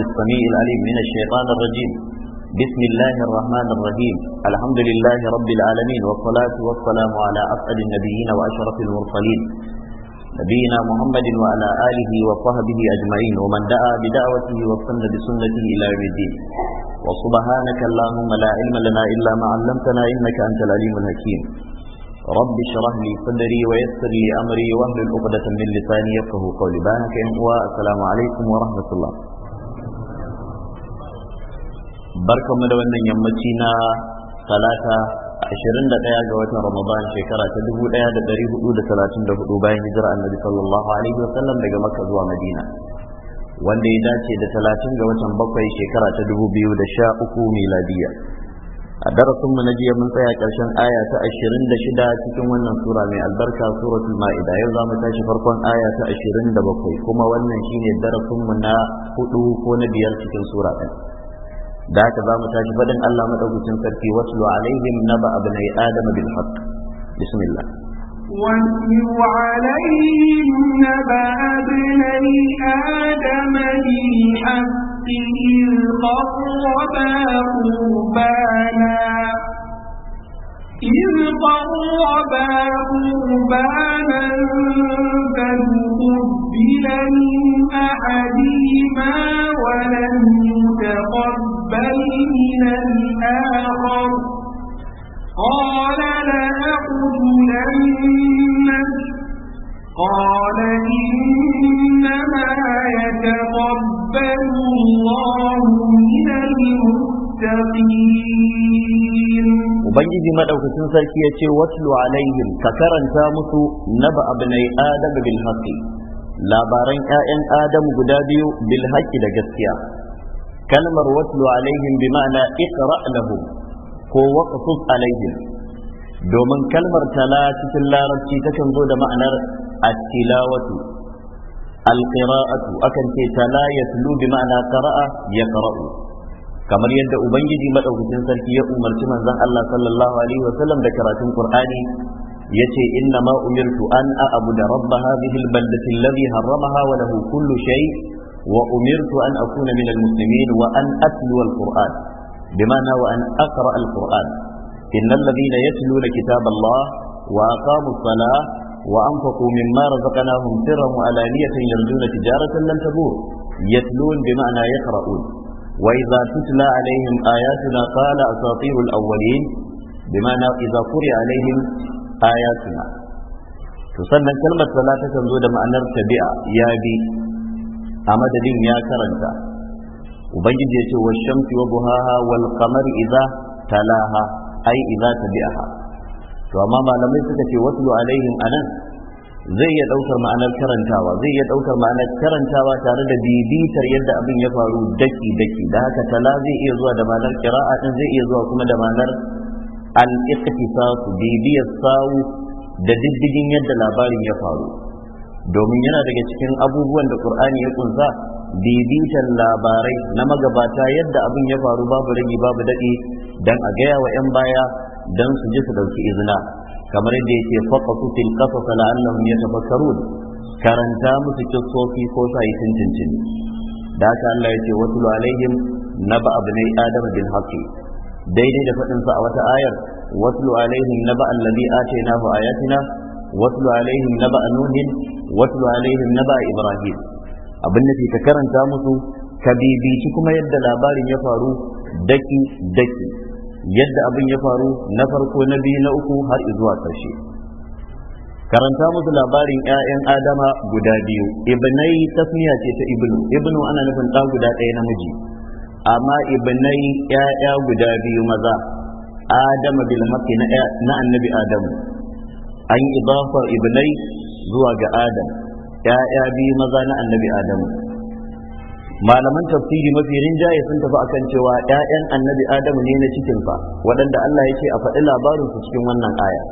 السميع العليم من الشيطان الرجيم بسم الله الرحمن الرحيم الحمد لله رب العالمين والصلاة والسلام على أفعل النبيين وأشرف المرسلين نبينا محمد وعلى آله وصحبه أجمعين ومن دعا بدعوته وصن بسنته إلى يوم الدين وسبحانك اللهم لا علم لنا إلا ما علمتنا إنك أنت العليم الحكيم رب اشرح لي صدري ويسر لي أمري واهل العقدة من لساني يفقه قولي بانك السلام عليكم ورحمة الله barkanmu da wannan yammaci na talata 21 ga watan ramadan shekara ta 1434 bayan hijira annabi sallallahu alaihi wa sallam daga makka zuwa madina wanda ya dace da 30 ga watan bakwai shekara ta 2013 miladiya a darasinmu na jiya mun tsaya ƙarshen aya ta 26 cikin wannan sura mai albarka suratul ma'ida yau za mu tashi farkon aya ta 27 kuma wannan shine darasinmu na hudu ko na biyar cikin sura ɗin da haka za mu tashi faɗin Allah madaukakin sarki watlu alaihim naba abnai adam bil haqq bismillah واتل عليهم نبأ ابني آدم بالحق إذ قربا قربانا إذ قربا قربانا فتقبل من أحدهما ولم يتقبل من الآخر قال لأقتلنك قال إنما يتقبل الله من المؤمنين المتقين وبنجي مدعوك تنسلك يتي واتل عليهم ككرن تامسو نبأ بني آدم بالحق labaran 'ya'yan adamu guda biyu bil haƙƙi da gaskiya kalmar watlu alaihim bi ma'ana Ikra' lahum ko waqfus alaihim domin kalmar tala cikin larabci takan zo da ma'anar at-tilawatu al-qira'atu akan ce tala yatlu bi ma'ana qara'a yaqra'u kamar yadda ubangiji madaukakin sarki ya umarci manzon Allah sallallahu alaihi wasallam da karatun Qur'ani yace inna ma umirtu an a'budu rabb hadhihi al-baldati alladhi harramaha wa lahu kullu shay wa umirtu an akuna min al-muslimin wa an atlu al-Qur'an wa an aqra al-Qur'an إن الذين يتلون كتاب الله wa الصلاة وأنفقوا مما رزقناهم سرا وعلانية يرجون تجارة لن تبور يتلون بمعنى يقرؤون وإذا تتلى عليهم آياتنا قال أساطير الأولين بمعنى إذا قرئ عليهم آياتنا تسنى كلمة فلا تنزل معنى ارتبع يا بي أمد دين يا كرنتا وبيجي يتي والشمس وضحاها والقمر إذا تلاها أي إذا تبعها to amma malamai suka ce wasu alaihim anan zai iya ɗaukar ma'anar karantawa zai iya ɗaukar ma'anar karantawa tare da bibitar yadda abin ya faru daki daki da haka tala zai iya zuwa da ma'anar kira'a din zai iya zuwa kuma da ma'anar al-iqtisasu bibiyar sawu da diddigin yadda labarin ya faru domin yana daga cikin abubuwan da qur'ani ya kunsa bibitar labarai na magabata yadda abin ya faru babu ragi babu daɗi don a gaya wa 'yan baya dan su ji su ɗauki izina kamar yadda yake faqasu fil qasas la'annahum yatafakkarun karanta musu kissofi ko sai tintin da haka Allah yake watul alaihim naba abnai adama bil haqqi daidai da faɗinsa a wata ayar watlu alaihim naba allazi atainahu ayatina watlu alaihim naba nuhin watlu alaihim naba ibrahim abin da ka karanta musu ka bibici kuma yadda labarin ya faru daki daki yadda abin ya faru na farko na biyu na uku har zuwa ƙarshe karanta musu labarin 'ya'yan adama guda biyu ibnai tasmiya ce ta ibnu ibnu ana nufin ɗa guda ɗaya namiji amma ibnai 'ya'ya guda biyu maza adama bil maki na annabi adamu an yi ibafa ibnai zuwa ga adam 'ya'ya biyu maza na annabi adamu malaman tafsiri mafi rinjaye sun tafi akan cewa ƴaƴan annabi adamu ne na cikin fa waɗanda Allah ya ce a faɗi labarin su cikin wannan aya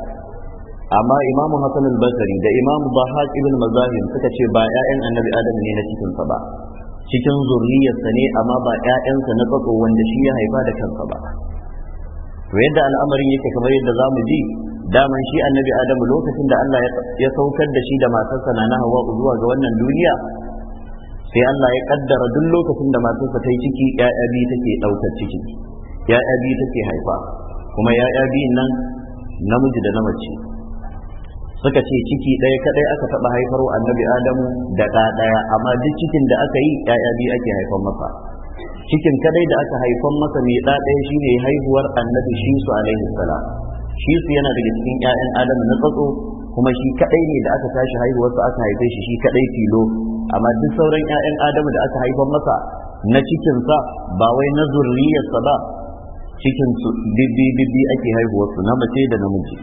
amma imamu hasan al-basri da imamu bahaq ibn mazahim suka ce ba ƴaƴan annabi adamu ne na cikin fa ba cikin zurriyarsa ne amma ba ƴaƴansa na tsatso wanda shi ya haifa da kansa ba to yadda al'amarin yake kamar yadda zamu ji daman shi annabi adamu lokacin da Allah ya saukar da shi da matarsa na hawa zuwa ga wannan duniya sai Allah ya kaddara duk lokacin da matarsa ta yi ciki ya'ya biyu take ɗaukar ciki ya'ya biyu take haifa kuma ya'ya biyun nan namiji da na mace suka ce ciki ɗaya kaɗai aka taɓa haifarwa annabi adamu da ɗa ɗaya amma duk cikin da aka yi ya'ya biyu ake haifan masa cikin kaɗai da aka haifan masa mai ɗa ɗaya ne haihuwar annabi shisu alaihi salam shisu yana daga cikin 'ya'yan Adamu na tsatso kuma shi kaɗai ne da aka tashi haihuwarsa aka haife shi shi kaɗai tilo amma duk sauran 'ya'yan adamu da aka haifar masa na cikinsa ba wai na zurriyarsa ba cikin su bibbi ake haihuwarsu na mace da namiji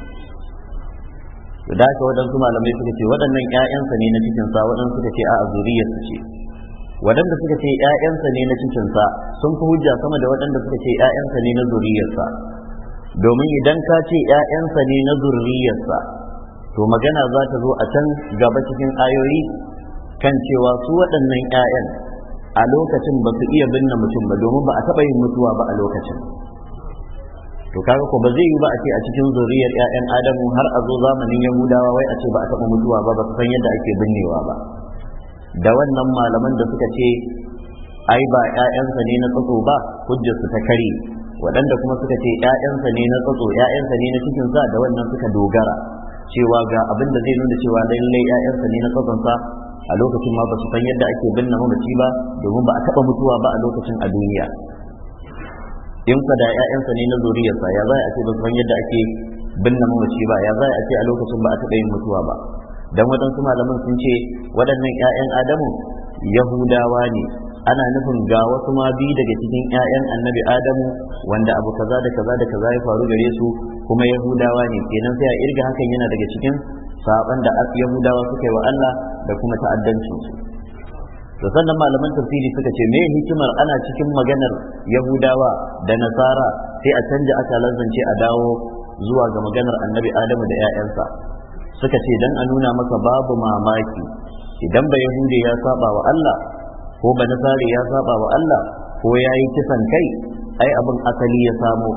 da haka waɗansu malamai suka ce waɗannan 'ya'yansa ne na cikinsa waɗansu suka ce a zuriyarsa ce waɗanda suka ce 'ya'yansa ne na cikinsa sun fi hujja sama da waɗanda suka ce 'ya'yansa ne na zuriyarsa domin idan ka ce 'ya'yansa ne na zuri'yarsa, to magana za ta zo a can gaba cikin ayoyi kan cewa su waɗannan 'ya'yan a lokacin ba su iya binne mutum ba domin ba a taɓa yin mutuwa ba a lokacin to kaga ko ba zai yi ba a ce a cikin zuriyar 'ya'yan adamu har a zo zamanin yahudawa wai a ce ba a taɓa mutuwa ba ba su san yadda ake binnewa ba da wannan malaman da suka ce ai ba 'ya'yansa ne na tsatso ba hujjarsu ta kare waɗanda kuma suka ce 'ya'yansa ne na tsatso 'ya'yansa ne na cikin sa da wannan suka dogara cewa ga abin da zai nuna cewa lallai 'ya'yansa ne na tsatsonsa a lokacin ma ba su san yadda ake binne mamaci ba domin ba a taba mutuwa ba a lokacin a duniya in ka da 'ya'yansa ne na zuriyarsa ya za a ce ba san yadda ake binne mamaci ba ya za a ce a lokacin ba a taɓa yin mutuwa ba dan su malaman sun ce waɗannan 'ya'yan adamu yahudawa ne ana nufin ga wasu ma biyu daga cikin 'ya'yan annabi adamu wanda abu kaza da kaza da kaza ya faru gare su kuma yahudawa ne kenan sai a irga hakan yana daga cikin saban da yahudawa suka yi wa Allah da kuma ta'addanci su to sannan malaman tafsiri suka ce me hikimar ana cikin maganar yahudawa da nasara sai a canja aka lanzance a dawo zuwa ga maganar annabi adamu da 'ya'yansa suka ce dan a nuna masa babu mamaki idan ba yahudi ya saba wa Allah ko ba nasare ya saba wa Allah ko ya yi kisan kai ai abin asali ya samo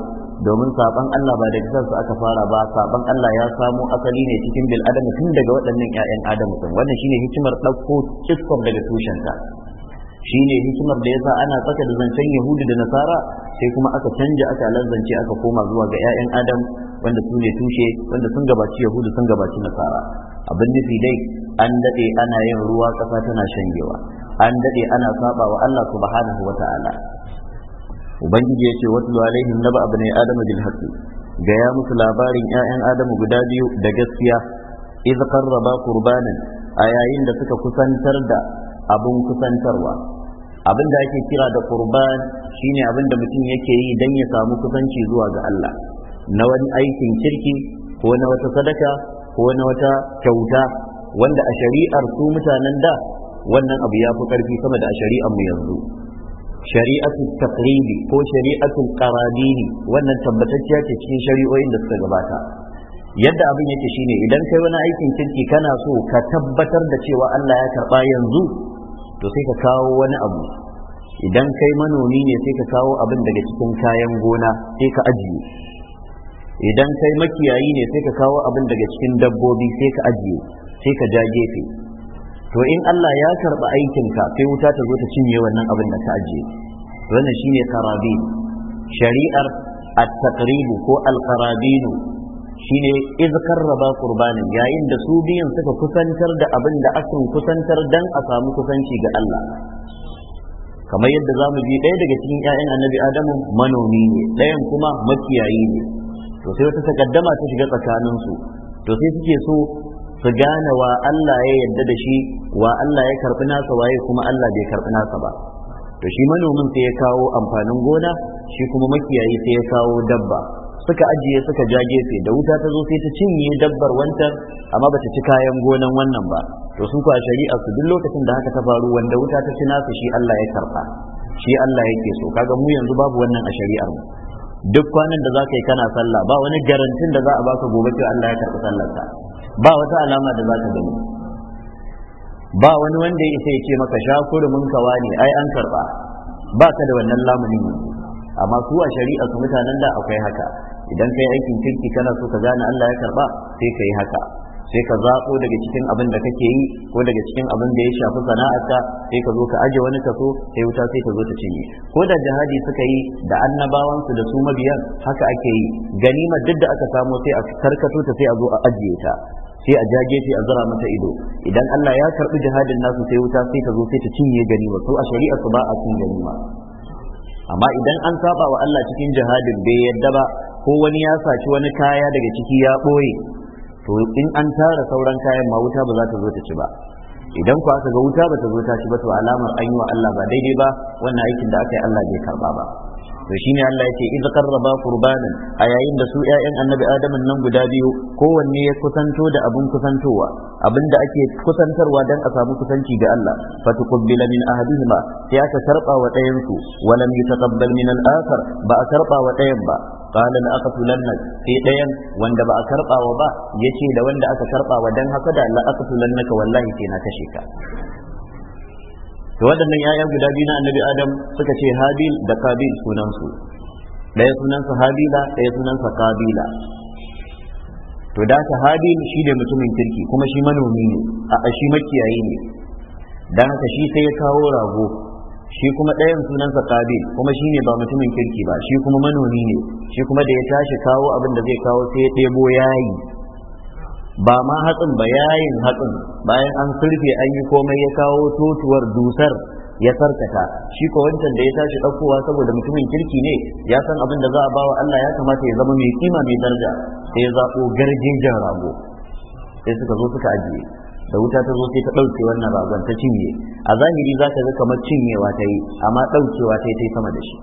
domin saban Allah ba da kisan su aka fara ba saban Allah ya samo asali ne cikin bil adam tun daga waɗannan ƴaƴan adam din wannan shine hikimar ɗauko kiskon daga tushen tushenta shine hikimar da yasa ana tsaka da zancen yahudu da nasara sai kuma aka canja aka lanzance aka koma zuwa ga 'ya'yan adam wanda su ne tushe wanda sun gabaci yahudu sun gabaci nasara abin nufi dai an daɗe ana yin ruwa ƙasa tana shanyewa an dade ana saba wa Allah subhanahu wa ta'ala ubangiji yace watlu alaihim naba abni adam bil haqqi ga ya musu labarin ƴaƴan adamu guda biyu da gaskiya iz qarraba qurbanan a yayin da suka kusantar da abun kusantarwa abin da ake kira da qurban shine abin da mutum yake yi dan ya samu kusanci zuwa ga Allah na wani aikin kirki ko na wata sadaka ko na wata kyauta wanda a shari'ar su mutanen da wannan abu ya fi karfi sama da a shari'ar mu yanzu shari'atul taqribi ko shari'atul qaradini wannan tabbatacciya ce cikin shari'o'in da suka gabata yadda abin yake shine idan kai wani aikin kirki kana so ka tabbatar da cewa Allah ya karba yanzu to sai ka kawo wani abu idan kai manomi ne sai ka kawo abin daga cikin kayan gona sai ka ajiye idan kai makiyayi ne sai ka kawo abin daga cikin dabbobi sai ka ajiye sai ka ja gefe to in Allah ya karba aikinka sai wuta ta zo ta cinye wannan abin da ka ajiye wannan shine qarabin shari'ar at-taqrib ko al-qarabin shine iz karraba qurbanin yayin da su biyan suka kusantar da abin da aka kusantar dan a samu kusanci ga Allah kamar yadda zamu bi ɗaya daga cikin ƴaƴan annabi adamu manomi ne ɗayan kuma makiyayi ne to sai wata takaddama ta shiga tsakaninsu to sai suke so su gane wa Allah ya yarda da shi wa Allah ya karbi nasa waye kuma Allah bai karbi nasa ba to shi manomin sai ya kawo amfanin gona shi kuma makiyayi sai ya kawo dabba suka ajiye suka ja gefe da wuta ta zo sai ta cinye dabbar wanta amma bata ci kayan gonan wannan ba to su kwa shari'a su duk lokacin da haka ta faru wanda wuta ta ci nasa shi Allah ya karba shi Allah yake so kaga mu yanzu babu wannan a shari'ar mu duk kwanan da za ka yi kana sallah ba wani garantin da za a baka gobe cewa Allah ya karɓi sallarka ba wata alama da za ta gani ba wani wanda ya sai ce maka sha kurumin kawa ne ai an karba ba ka da wannan lamuni amma su a shari'a su mutanen da akwai haka idan kai aikin kirki kana so ka gane Allah ya karba sai ka yi haka sai ka zaɓo daga cikin abin da kake yi ko daga cikin abin da ya shafi sana'arka sai ka zo ka aje wani kaso sai wuta sai ka zo ta cinye ko da jihadi suka yi da annabawansu da su mabiyan haka ake yi ganima duk da aka samu sai a karkato ta sai a zo a ajiye ta sai a jage shi a zara mata ido idan Allah ya karbi jihadin nasu sai wuta sai ta zo sai ta cinye gani ba su a shari'a su ba a cin gani ba amma idan an saba wa Allah cikin jihadin bai yadda ba ko wani ya saci wani kaya daga ciki ya ɓoye, to in an tara sauran kayan ma wuta ba za ta zo ta ci ba idan ku aka ga wuta ba ta zo ta ci ba to alamar an yi wa Allah ba daidai ba wannan aikin da aka yi Allah bai karba ba to ne Allah ce idh karraba qurbanan a yayin da su ƴaƴan annabi adam nan guda biyu kowanne ya kusanto da abun kusantowa abinda ake kusantarwa dan a samu kusanci ga Allah fatuqbila min ahadihima sai aka karba wa ɗayan su walam yutaqabbal min al-akhar ba a karba wa ɗayan ba qala la aqtulanna sai ɗayan wanda ba a karba wa ba yace da wanda aka karba wa dan haka da la aqtulannaka wallahi sai na kashe ka to waɗannan 'ya'yan guda biyu na annabi adam suka ce habil da kabil sunansu ɗaya sunansa habila ɗaya sunansa kabila to da ta habil shi ne mutumin kirki kuma shi manomi ne a shi makiyayi ne dan haka shi sai ya kawo rago shi kuma ɗayan sunansa kabil kuma shi ne ba mutumin kirki ba shi kuma manomi ne shi kuma da ya tashi kawo abin da zai kawo sai ya ɗebo yayi ba ma hatsin ba yayin hatsin bayan an sirfe an yi komai ya kawo totuwar dusar ya sarkata shi ko wancan da ya tashi ɗaukowa saboda mutumin kirki ne ya san abin da za a bawa Allah ya kamata ya zama mai kima mai darja sai ya zaɓo garjejen rago sai suka zo suka ajiye da wuta ta zo sai ta ɗauke wannan ragon ta cinye a zahiri za ta ga kamar cinyewa ta yi amma ɗaukewa ta yi ta yi sama da shi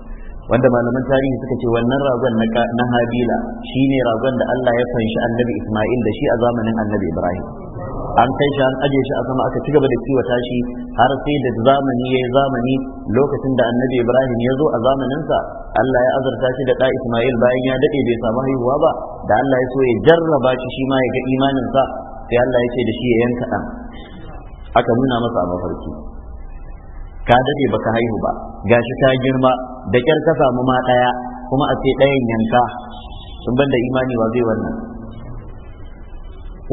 wanda malaman tarihi suka ce wannan ragon na habila shine ragon da Allah ya fanshi annabi Ismail da shi a zamanin annabi Ibrahim an kai shi an aje shi a sama aka ci gaba da kiwata shi har sai da zamani ya zamani lokacin da annabi ibrahim ya zo a zamaninsa allah ya azarta shi da ɗa ismail bayan ya daɗe bai samu haihuwa ba da allah ya so ya jarraba shi shi ma ya ga imaninsa sai allah ya ce da shi ya yanka ɗan aka nuna masa a mafarki ka daɗe baka haihu ba gashi ta girma da kyar ka samu ma ɗaya kuma a ce ɗayan yanka sun banda imani ba zai wannan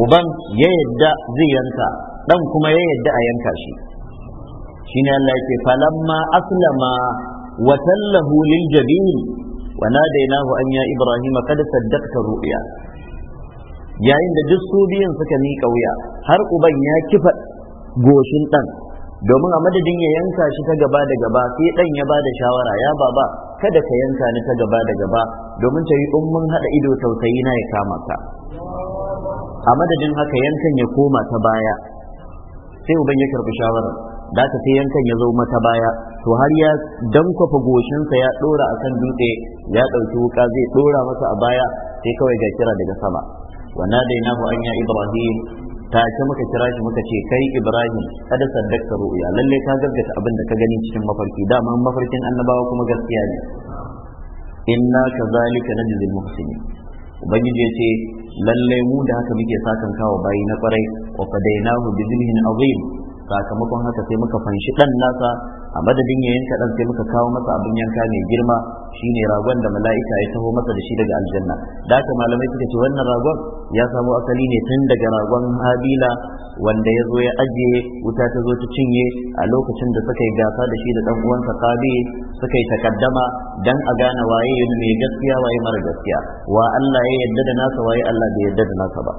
uban ya yadda zai yanka ɗan kuma ya yadda a yanka shi shine Allah yake falamma aslama wa tallahu lil jabin wa nadainahu an ya ibrahim kad saddaqta ru'ya yayin da duk su biyun suka mika wuya har uban ya kifa goshin ɗan domin a madadin ya yanka shi ta gaba da gaba sai dan ya bada shawara ya baba kada ka yanka ni ta gaba da gaba domin ta yi in hada ido tausayi na ya kama ka a madadin haka yankan ya koma ta baya sai uban ya karbi shawara da ta sai yankan ya zo mata baya to har ya dankwafa goshinsa ya dora kan dutse ya ɗauki wuka zai dora masa a baya sai kawai ga kira daga sama wa nadainahu an anya ibrahim take muka kira shi muka ce kai Ibrahim kada saddakta ru'ya lalle ka gaggata abin da ka gani cikin mafarki dama mafarkin annabawa kuma gaskiya ne inna kazalika najzil muhsinin ubangiji ya ce lallai mu da haka muke sakan kawo bayi na kwarai wa fadainahu bi azim sakamakon haka sai muka fanshi dan nasa a madadin ya yanka dan sai muka kawo masa abin yanka mai girma shine ragon da mala'ika ya taho masa da shi daga aljanna da haka malamai suka ce wannan ragon ya samo asali ne tun daga ragon habila wanda ya zo ya ajiye wuta ta zo ta cinye a lokacin da suka yi gasa da shi da ɗan uwansa kabe suka yi takaddama dan a gane waye mai gaskiya waye mara gaskiya wa Allah ya yarda da nasa waye Allah bai yarda da nasa ba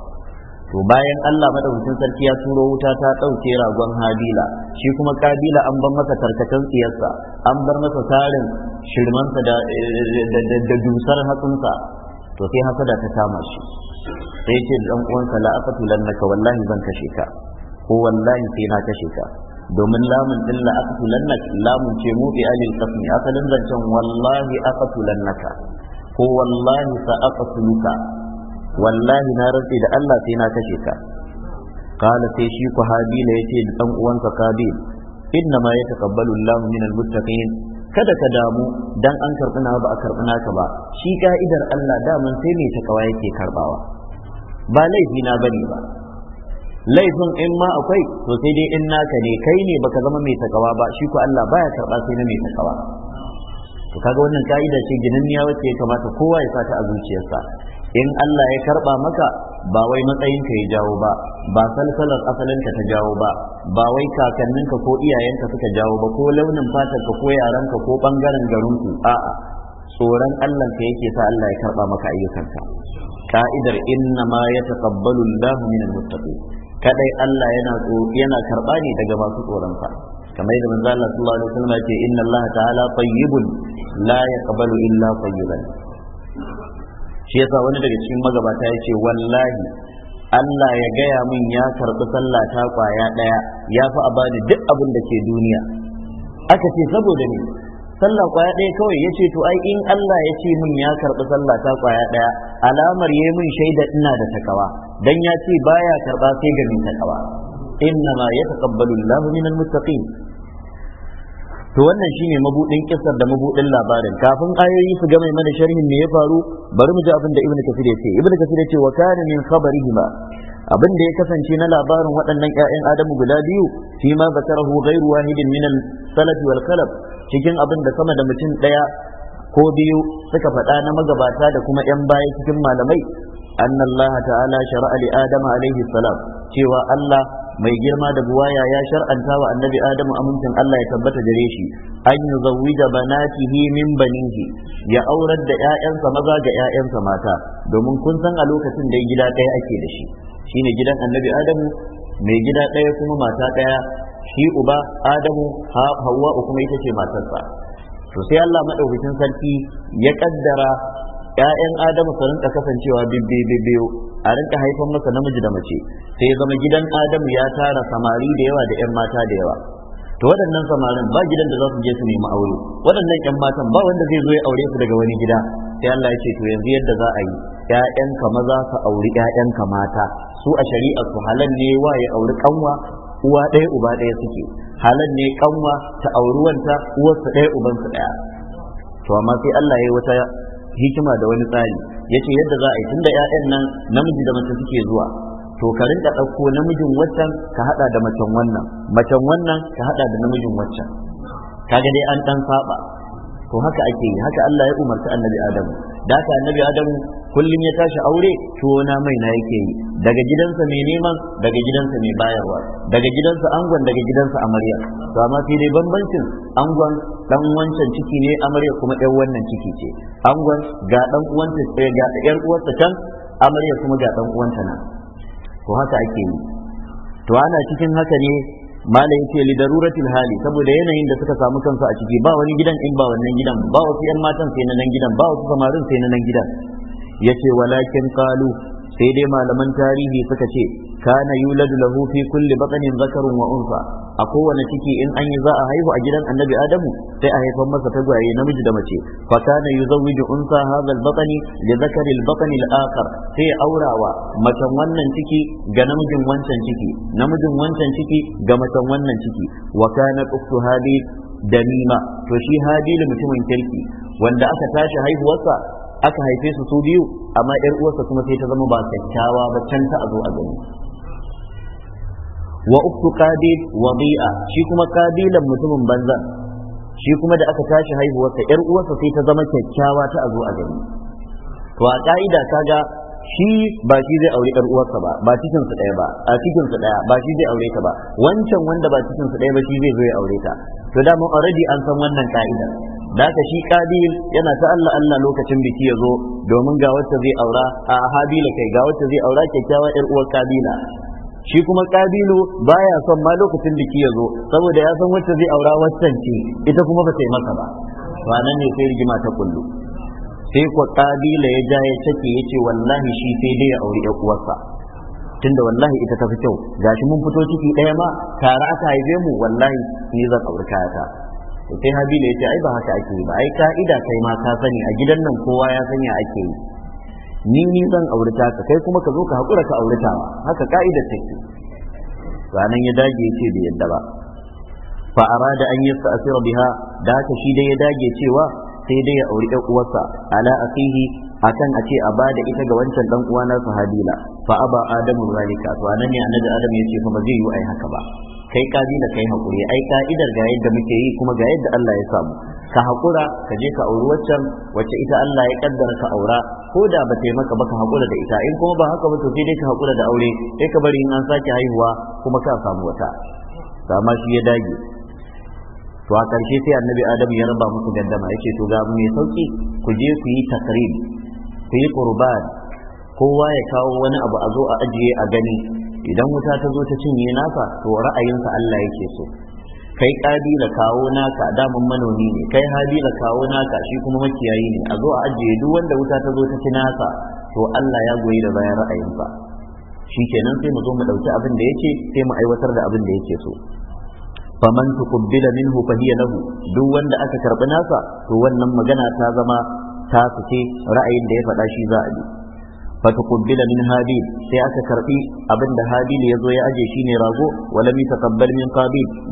to bayan Allah madaukakin sarki ya turo wuta ta ɗauke ragon habila shi kuma kabila an bar masa karkatan siyarsa an bar masa tarin shirmansa eh, da dusar hatsinsa to sai hasada ta kama shi sai ce dan uwansa la aqtulannaka wallahi zan kashe ka ko wallahi sai na kashe ka domin lamun din la aqtulannaka lamun ce mu bi alil qasmi asalin zancen wallahi aqtulannaka ko wallahi sa aqtuluka wallahi na rantsi da Allah sai na kashe ka qala sai shi ku habila ya da dan uwansa qabil inna ma yataqabbalu Allahu min almuttaqin kada ka damu dan an karbi na ba a karbi naka ba shi ka'idar Allah daman sai mai takawa yake karbawa ba laifi na bane ba laifin in ma akwai to sai dai in naka ne kai ne baka zama mai takawa ba shi ku Allah baya karba sai na mai takawa to kaga wannan ka'ida ce ginanniya wacce ya kamata kowa ya ta a zuciyarsa in Allah ya karba maka ba wai ka ya jawo ba ba salsalar asalinka ta jawo ba ba wai kakanninka ko iyayenka suka jawo ba ko launin fatarka ko ka ko bangaren ku. a'a tsoron Allah ka yake sa Allah ya karba maka ayyukanka ka'idar inna ma yataqabbalu Allahu al muttaqin kadai Allah yana yana karba ne daga masu tsoron sa kamar yadda manzo Allah sallallahu alaihi wasallam ya ce inna Allah ta'ala tayyibun la yaqbalu illa tayyiban shi yasa wani daga cikin magabata ya ce wallahi Allah ya gaya mun ya karɓi sallah ta kwaya ɗaya ya fi a bani duk abin da ke duniya aka ce saboda ne sallah kwaya ɗaya kawai ya ce to ai in Allah ya ce min ya karɓi sallah ta kwaya ɗaya alamar ya min shaida ina da takawa dan ya ce baya karɓa sai ga mai takawa inna ma yataqabbalu Allahu minal muttaqin to wannan shine mabudin kisar da mabudin labarin kafin ayoyi su game mana sharhin me ya faru bari mu ji abin da ibnu kasir yace ibnu kasir yace wa kana min khabarihima abin da ya kasance na labarin waɗannan ƴaƴan adamu guda biyu fi ma zakarahu ghairu wahidin min al-salaf wal khalaf cikin abin da sama da mutum daya ko biyu suka faɗa na magabata da kuma ƴan baya cikin malamai Annallaha ta'ala shara'a li Adam alaihi salam cewa Allah mai girma da buwaya ya shar'anta wa annabi adamu amincin Allah ya tabbata gare shi an banaki banatihi min banihi ya aurar da 'ya'yansa maza ga 'ya'yansa mata domin kun san a lokacin da gida ɗaya ake da shi shine gidan annabi adamu mai gida ɗaya kuma mata ɗaya shi uba adamu hawwa kuma ita ce matarsa to sai Allah madaukakin sarki ya kaddara 'ya'yan adamu su rinka kasancewa bibbiyu a rinka haifan masa namiji da mace sai zama gidan adamu ya tara samari da yawa da 'yan mata da yawa to waɗannan samarin ba gidan da za su je su nemi aure waɗannan 'yan matan ba wanda zai zo ya aure su daga wani gida sai Allah ya ce to yanzu yadda za a yi ya'yan ka maza su auri ka mata su a shari'a su halan ne wa ya auri kanwa uwa ɗaya uba ɗaya suke halan ne kanwa ta auri wanta uwarsa ɗaya ubansa ɗaya to amma sai Allah ya yi wata hikima da wani tsari yace yadda za a yi tunda 'ya'yan nan namiji da mace suke zuwa to ka rinka ɗauko namijin waccan ka haɗa da macen wannan macen wannan ka haɗa da namijin waccan kaga dai an ɗan saba to haka ake yi haka Allah ya umarta annabi Adamu da haka annabi Adamu kullum ya tashi aure tuwo na mai na yake yi daga gidansa mai neman daga gidansa mai bayarwa daga gidansa angon daga gidansa amarya to amma fi dai bambancin angon dan wancan ciki ne amarya kuma ɗan wannan ciki ce angon ga dan uwanta eh, ga ɗan uwarsa can amarya kuma ga dan uwanta nan to haka ake yi to ana cikin haka ne mala yake li daruratil hali saboda yanayin da suka samu kansu a ciki ba wani gidan in ba wannan gidan ba wasu yan matan sai na nan gidan ba wasu samarin sai na nan gidan yace walakin qalu sai dai malaman tarihi suka ce kana yuladu lahu fi kulli batnin zakarun wa unsa a kowane ciki in an yi za a haihu a gidan annabi adamu sai a haifar masa tagwaye namiji da mace fa kana yuzawwiju unsa hadha al-batni li dhakari al-batni al-akhar sai aurawa macen wannan ciki ga namijin wancan ciki namijin wancan ciki ga macen wannan ciki wa kana quftu hadi damima to shi hadi mutumin kirki wanda aka tashi haihuwarsa aka haife su su biyu amma yar uwarsa kuma sai ta zama ba kyakkyawa ba can ta a zo a gani wa uktu qabil bi'a shi kuma qabilan mutumin banza shi kuma da aka tashi haihuwar ka, yar uwarsa sai ta zama kyakkyawa ta a zo a gani to a ka'ida kaga shi ba shi zai aure ɗan uwarsa ba ba cikin su ɗaya ba a cikin su ɗaya ba shi zai aure ta ba wancan wanda ba cikin su ɗaya ba shi zai zo ya aure ta to da mun already an san wannan ka'ida da ka shi kabil yana ta Allah Allah lokacin biki ya zo domin ga wacce zai aura a habila kai ga wacce zai aura kyakkyawa yar uwar kabila shi kuma kabilu baya son ma lokacin biki ya zo saboda ya san wacce zai aura waccan ce ita kuma ba ta yi masa ba to nan ne sai rigima ta kullu sai ko kabila ya ja ya cake ya ce wallahi shi sai dai ya auri ƴar uwarsa tunda wallahi ita ta fi kyau gashi mun fito ciki ɗaya ma tare aka haife mu wallahi ni zan auri kayata sai habila ya ce ai ba haka ake yi ba ai ka'ida kai ma ka sani a gidan nan kowa ya sanya ake yi ni ni zan aurita ka kai kuma ka zo ka haƙura ka auritawa haka ka'idar take ranan ya dage ya ce bai yadda ba fa arada an yasta'sira biha da haka shi dai ya dage cewa sai dai ya auri ɗan uwarsa ala akihi akan a ce a bada ita ga wancan dan uwa na sahabila fa aba adamu zalika to ranar ne annabi Adamu ya ce fa ba zai yi ai haka ba kai ka da kai hakuri ai ka idar ga yadda muke yi kuma ga yadda Allah ya samu ka hakura ka je ka auri waccan wacce ita Allah ya kaddara ka aura ko da ba ta maka ba ka hakura da ita in kuma ba haka ba to sai dai ka hakura da aure sai ka bari in an sake haihuwa kuma ka samu wata amma shi ya dage to a ƙarshe sai annabi adam ya raba muku gaddama yake to ga mai sauki ku je ku yi takrib ku yi qurban kowa ya kawo wani abu a zo a ajiye a gani idan wuta ta zo ta cinye naka to ra'ayinsa Allah yake so kai kabila kawo naka damun manomi ne kai habila kawo naka shi kuma makiyayi ne a zo a ajiye duk wanda wuta ta zo ta ci nasa to Allah ya goyi da bayan ra'ayinsa shikenan sai mu zo mu dauki abin da yake sai mu aiwatar da abin da yake so faman tuqbila minhu fa hiya lahu duk wanda aka karbi nasa to wannan magana ta zama ta fice ra'ayin da ya faɗa shi za a bi فتقبل من هابيل sai aka karbi abin da habil ya zo ya aje shine rago wala mi taqabbal min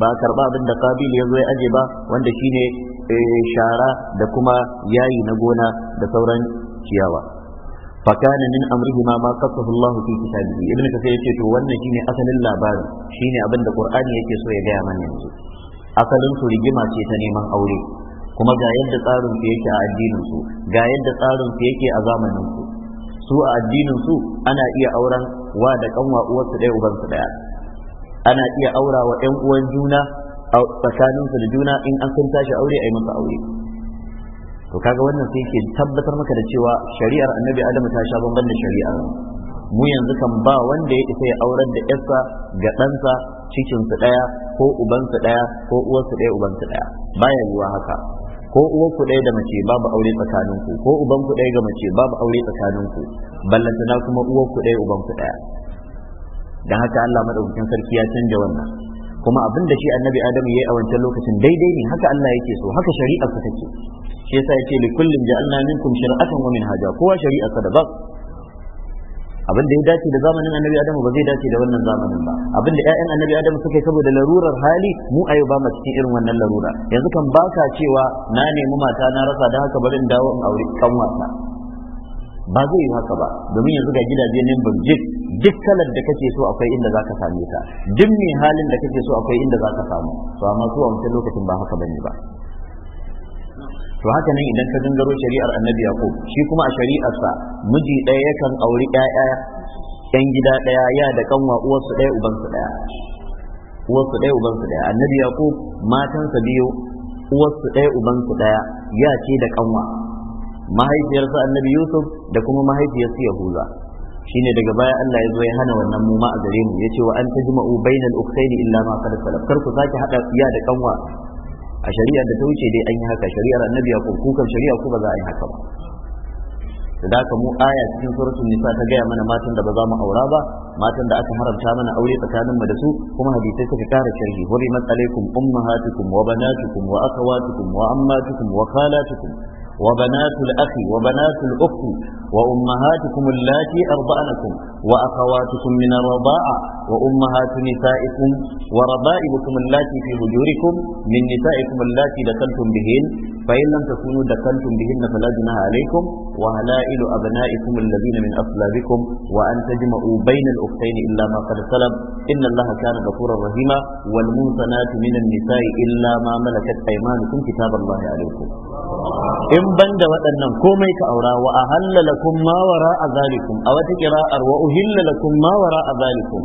ba karba abinda da ya zo ya aje ba wanda shine eh, shara da kuma yayi na gona da sauran ciyawa فكان من امرهما ما قصه الله في كتابه ابن yace to wannan shine asalin labarin? Shi abin da qur'ani yake so ya gaya mana yanzu asalin su rigima ce ta neman aure kuma ga yadda tsarin yake a addinin su ga yadda tsarin su yake a zamaninsu. su a addinin su ana iya auren wa da kanwa uwarsu ɗaya ubansu ɗaya ana iya aura wa ɗan uwan juna a tsakaninsu da juna in an san tashi aure a yi masa aure to kaga wannan sai ke tabbatar maka da cewa shari'ar annabi adamu ta sha bamban da shari'ar mu yanzu kan ba wanda ya isa ya aurar da yarsa ga ɗansa cikinsu ɗaya ko ubansu ɗaya ko uwarsu ɗaya ubansu ɗaya baya yuwa haka ko uwar ku ɗaya da mace babu aure tsakanin ku ko uban ku ɗaya ga mace babu aure tsakanin ku na kuma uwar ku ɗaya uban ku ɗaya dan haka Allah madaukakin sarki ya canja wannan kuma abin da shi annabi adam yayi a wancan lokacin daidai ne haka Allah yake so haka shari'a ta take shi yasa yake li kullin ja'alna minkum shar'atan wa minhaja kowa shari'a da ba abin da ya dace da zamanin annabi adamu ba zai dace da wannan zamanin ba abin da ƴaƴan annabi adamu suka yi saboda larurar hali mu a yau ba mu cikin irin wannan larura yanzu kan ba ka cewa na nemi mata na rasa da haka barin dawo in aure kan wasa ba zai yi haka ba domin yanzu ga gidaje nan jik duk kalar da kake so akwai inda zaka same ta duk halin da kake so akwai inda zaka samu to amma su a wancan lokacin ba haka bane ba to haka nan idan ka gangaro shari'ar annabi yaqub shi kuma a shari'arsa miji ɗaya yakan auri ƴaƴa ƴan gida ɗaya ya da kanwa uwarsu ɗaya ɗaya uwarsu ɗaya ɗaya annabi yaqub matansa biyu uwarsu ɗaya ubansu ɗaya ya ce da kanwa mahaifiyarsa annabi yusuf da kuma mahaifiyarsa yahuza shine daga baya Allah ya zo ya hana wannan mu ma a gare mu yace wa an tajma'u bainal ukhtayn illa ma qad salaf kar ku sake hada iya da kanwa a shari'ar da ta wuce dai an yi haka shari'ar annabi ya kukan shari'a ko ba za a yi haka ba da haka mu aya cikin suratul nisa ta gaya mana matan da ba za mu aura ba matan da aka haramta mana aure tsakanin mu da su kuma hadisai suka kara sharhi hurimat alaikum ummahatukum wa banatukum wa akhawatukum wa ammatukum wa khalatukum وبنات الأخ وبنات الأخت وأمهاتكم اللاتي أرضعنكم وأخواتكم من الرضاعة وأمهات نسائكم وربائبكم اللاتي في هجوركم من نسائكم اللاتي دخلتم بهن فإن لم تكونوا دخلتم بهن فلا جناح عليكم وهلائل أبنائكم الذين من أصلابكم وأن تجمعوا بين الأختين إلا ما قد سلم إن الله كان غفورا رحيما والمنصنات من النساء إلا ما ملكت أيمانكم كتاب الله عليكم in banda waɗannan komai ka aura wa ahalla lakum ma wara azalikum a wata qira'ar wa uhilla lakum ma wara azalikum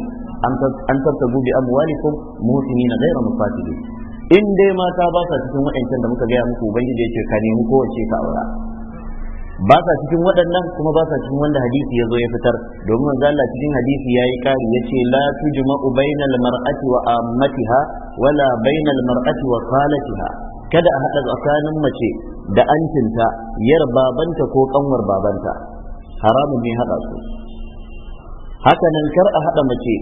an tabtagu bi amwalikum mu'minina ghayra mufatidin in dai mata ba sa cikin waɗancan da muka gaya muku ubangiji ce ka nemi kowace ka aura ba sa cikin waɗannan kuma ba sa cikin wanda hadisi ya zo ya fitar domin manzo Allah cikin hadisi yayi kari yace la tujma'u bainal mar'ati wa ammatiha wala bainal mar'ati wa khalatiha kada a haɗa tsakanin mace da antinta yar babanta ko kanwar babanta haramun ne haɗa su haka nan kar a haɗa mace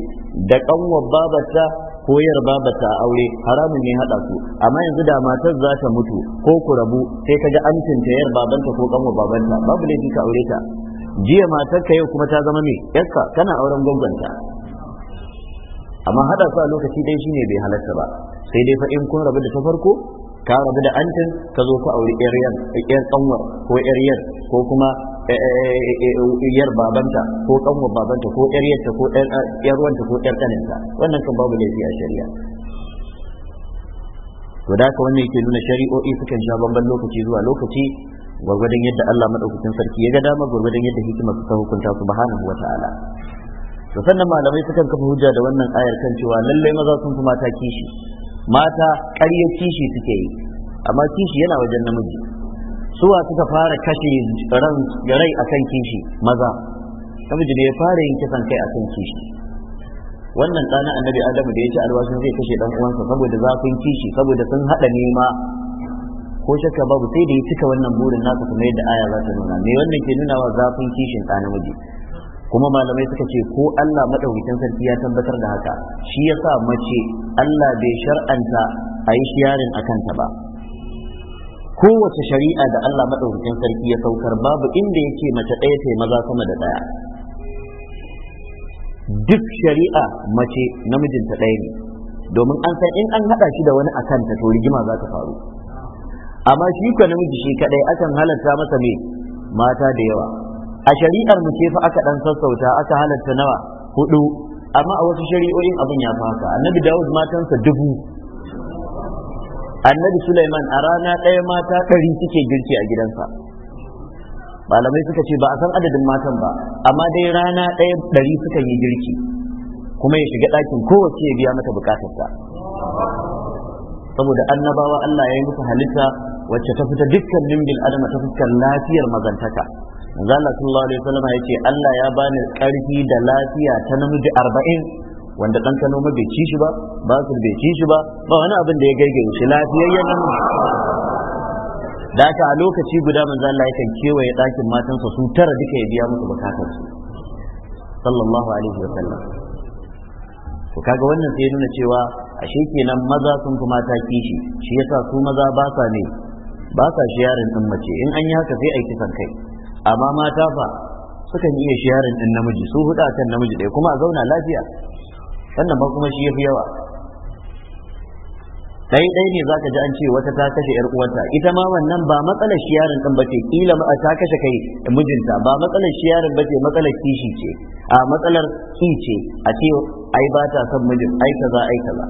da kanwar babata ko yar babata a aure haramun ne haɗa su amma yanzu da matar za ta mutu ko ku rabu sai kaga antinta yar babanta ko kanwar babanta babu laifi ka aure ta jiya matar ka yau kuma ta zama me yarka kana auren gwangwanta amma haɗa su a lokaci dai shine bai halarta ba sai dai fa in kun rabu da ta farko ka rabu da antin ka zo ka auri ƴaryan kanwar ko ƴaryar ko kuma ƴar eh, eh, eh, babanta ko kanwar babanta ko ƴaryarta ko ƴarwanta ko ƴar kaninta wannan kan babu laifi a shari'a to da ka wannan yake nuna shari'o'i sukan sha bamban lokaci zuwa lokaci gwargwadon yadda Allah madaukakin sarki ya ga dama gwargwadon yadda hikimar suka hukunta subhanahu ta'ala to sannan malamai sukan kafa hujja da wannan ayar kan cewa lallai maza sun fi mata kishi mata ƙarya kishi suke yi amma kishi yana wajen namiji suwa suka fara kashe rai akan kishi maza namiji ne ya fara yin kisan kai akan kishi wannan ɗana annabi adamu da ya ci alwashin zai kashe ɗan uwansa saboda zafin kishi saboda sun haɗa nema ko shakka babu sai da ya cika wannan burin nasa kuma yadda aya za ta nuna me wannan ke nuna wa zafin kishin ɗan namiji kuma malamai suka ce ko Allah madaukakin sarki ya tabbatar da haka shi yasa mace Allah bai shar'anta a yi shiyarin a kanta ba kowace shari'a da Allah madaukakin sarki ya saukar babu inda yake mace ɗaya ta maza sama da ɗaya duk shari'a mace namijinta ɗaya ne domin an san in an haɗa shi da wani a kanta to rigima za ta faru amma shi ka namiji shi kaɗai akan halarta masa ne mata da yawa a shari'ar mu ce fa aka dan sassauta aka halatta nawa hudu amma a wasu shari'o'in abin ya fi haka annabi dawud matansa dubu annabi Sulaiman a rana ɗaya mata ɗari suke girki a gidansa malamai suka ce ba a san adadin matan ba amma dai rana ɗaya ɗari suka yi girki kuma ya shiga ɗakin kowace ya biya mata bukatarsa saboda annabawa Allah ya yi musu halitta wacce ta fita dukkan bil adama ta fuskar lafiyar mazantaka manzo Allah sallallahu alaihi wasallam ya ce Allah ya bani karfi da lafiya ta namiji 40 wanda dan kano ma bai ci shi ba ba su bai ci shi ba ba wani abin da ya gaige shi lafiyayyen nan da haka a lokaci guda manzo Allah ya kan kewaye dakin matansa su tara duka ya biya musu bukatarsu sallallahu alaihi wasallam to kaga wannan sai nuna cewa ashe kenan maza sun fi mata kishi shi yasa su maza ba sa ne ba sa shiyarin din mace in an yi haka sai ai kisan kai amma mata fa sukan iya shiyarin din namiji su huda kan namiji ɗaya kuma a zauna lafiya sannan ba kuma shi yafi yawa dai dai ne zaka ji an ce wata ta kashe yar uwarta ita ma wannan ba matsalar shiyarin din bace kila ma ta kashe kai mijinta ba matsalar shiyarin bace matsalar kishi ce a matsalar ki ce a ce ai ba ta son mijin ai kaza ai kaza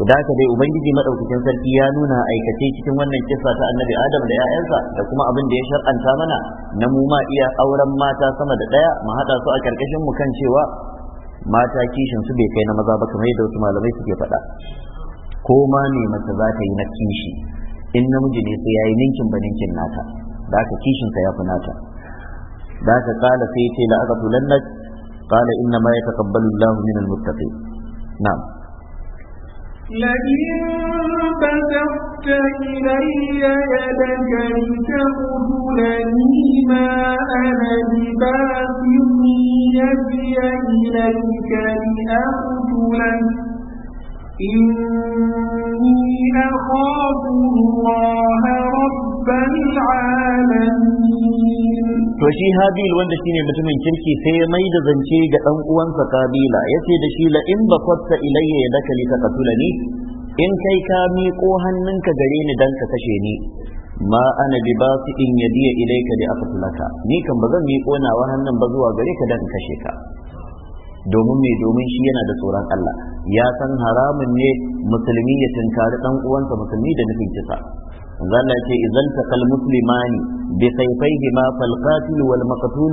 to da haka dai ubangiji madaukakin sarki ya nuna aikace cikin wannan kissa ta annabi adam da 'ya'yansa da kuma abin da ya shar'anta mana na mu ma iya auren mata sama da daya mu hada su a karkashin mu kan cewa mata kishin su bai kai na maza ba kamar yadda wasu malamai suke faɗa ko ma ne mace za ta yi na kishi in namiji ne sai yayi ninkin ba ninkin nata da haka kishin ka ya fi nata da haka kala sai ce la'aqatu lannat qala inna ma yataqabbalu Allahu minal muttaqin na'am لئن بسطت إلي يدك لتقتلني ما أنا بباسط يدي إليك لأقتلك إني أخاف الله رب العالمين to shi habil wanda shine mutumin kirki sai ya mai da zance ga dan uwansa kabila yace da shi la in bafatta ilayya yadaka li taqtulani in kai ka miƙo hannunka gare ni dan ka kashe ni ma ana bi ba su in yadiya ilaika li aqtulaka ni kan ba zan miƙo nawa hannun ba zuwa gare ka dan kashe ka domin me domin shi yana da tsoron Allah ya san haramun ne musulmi ya tinkari dan uwansa musulmi da nufin kisa zalla ce idan takal muslimani bi sayfaihi ma fal qatil wal maqtul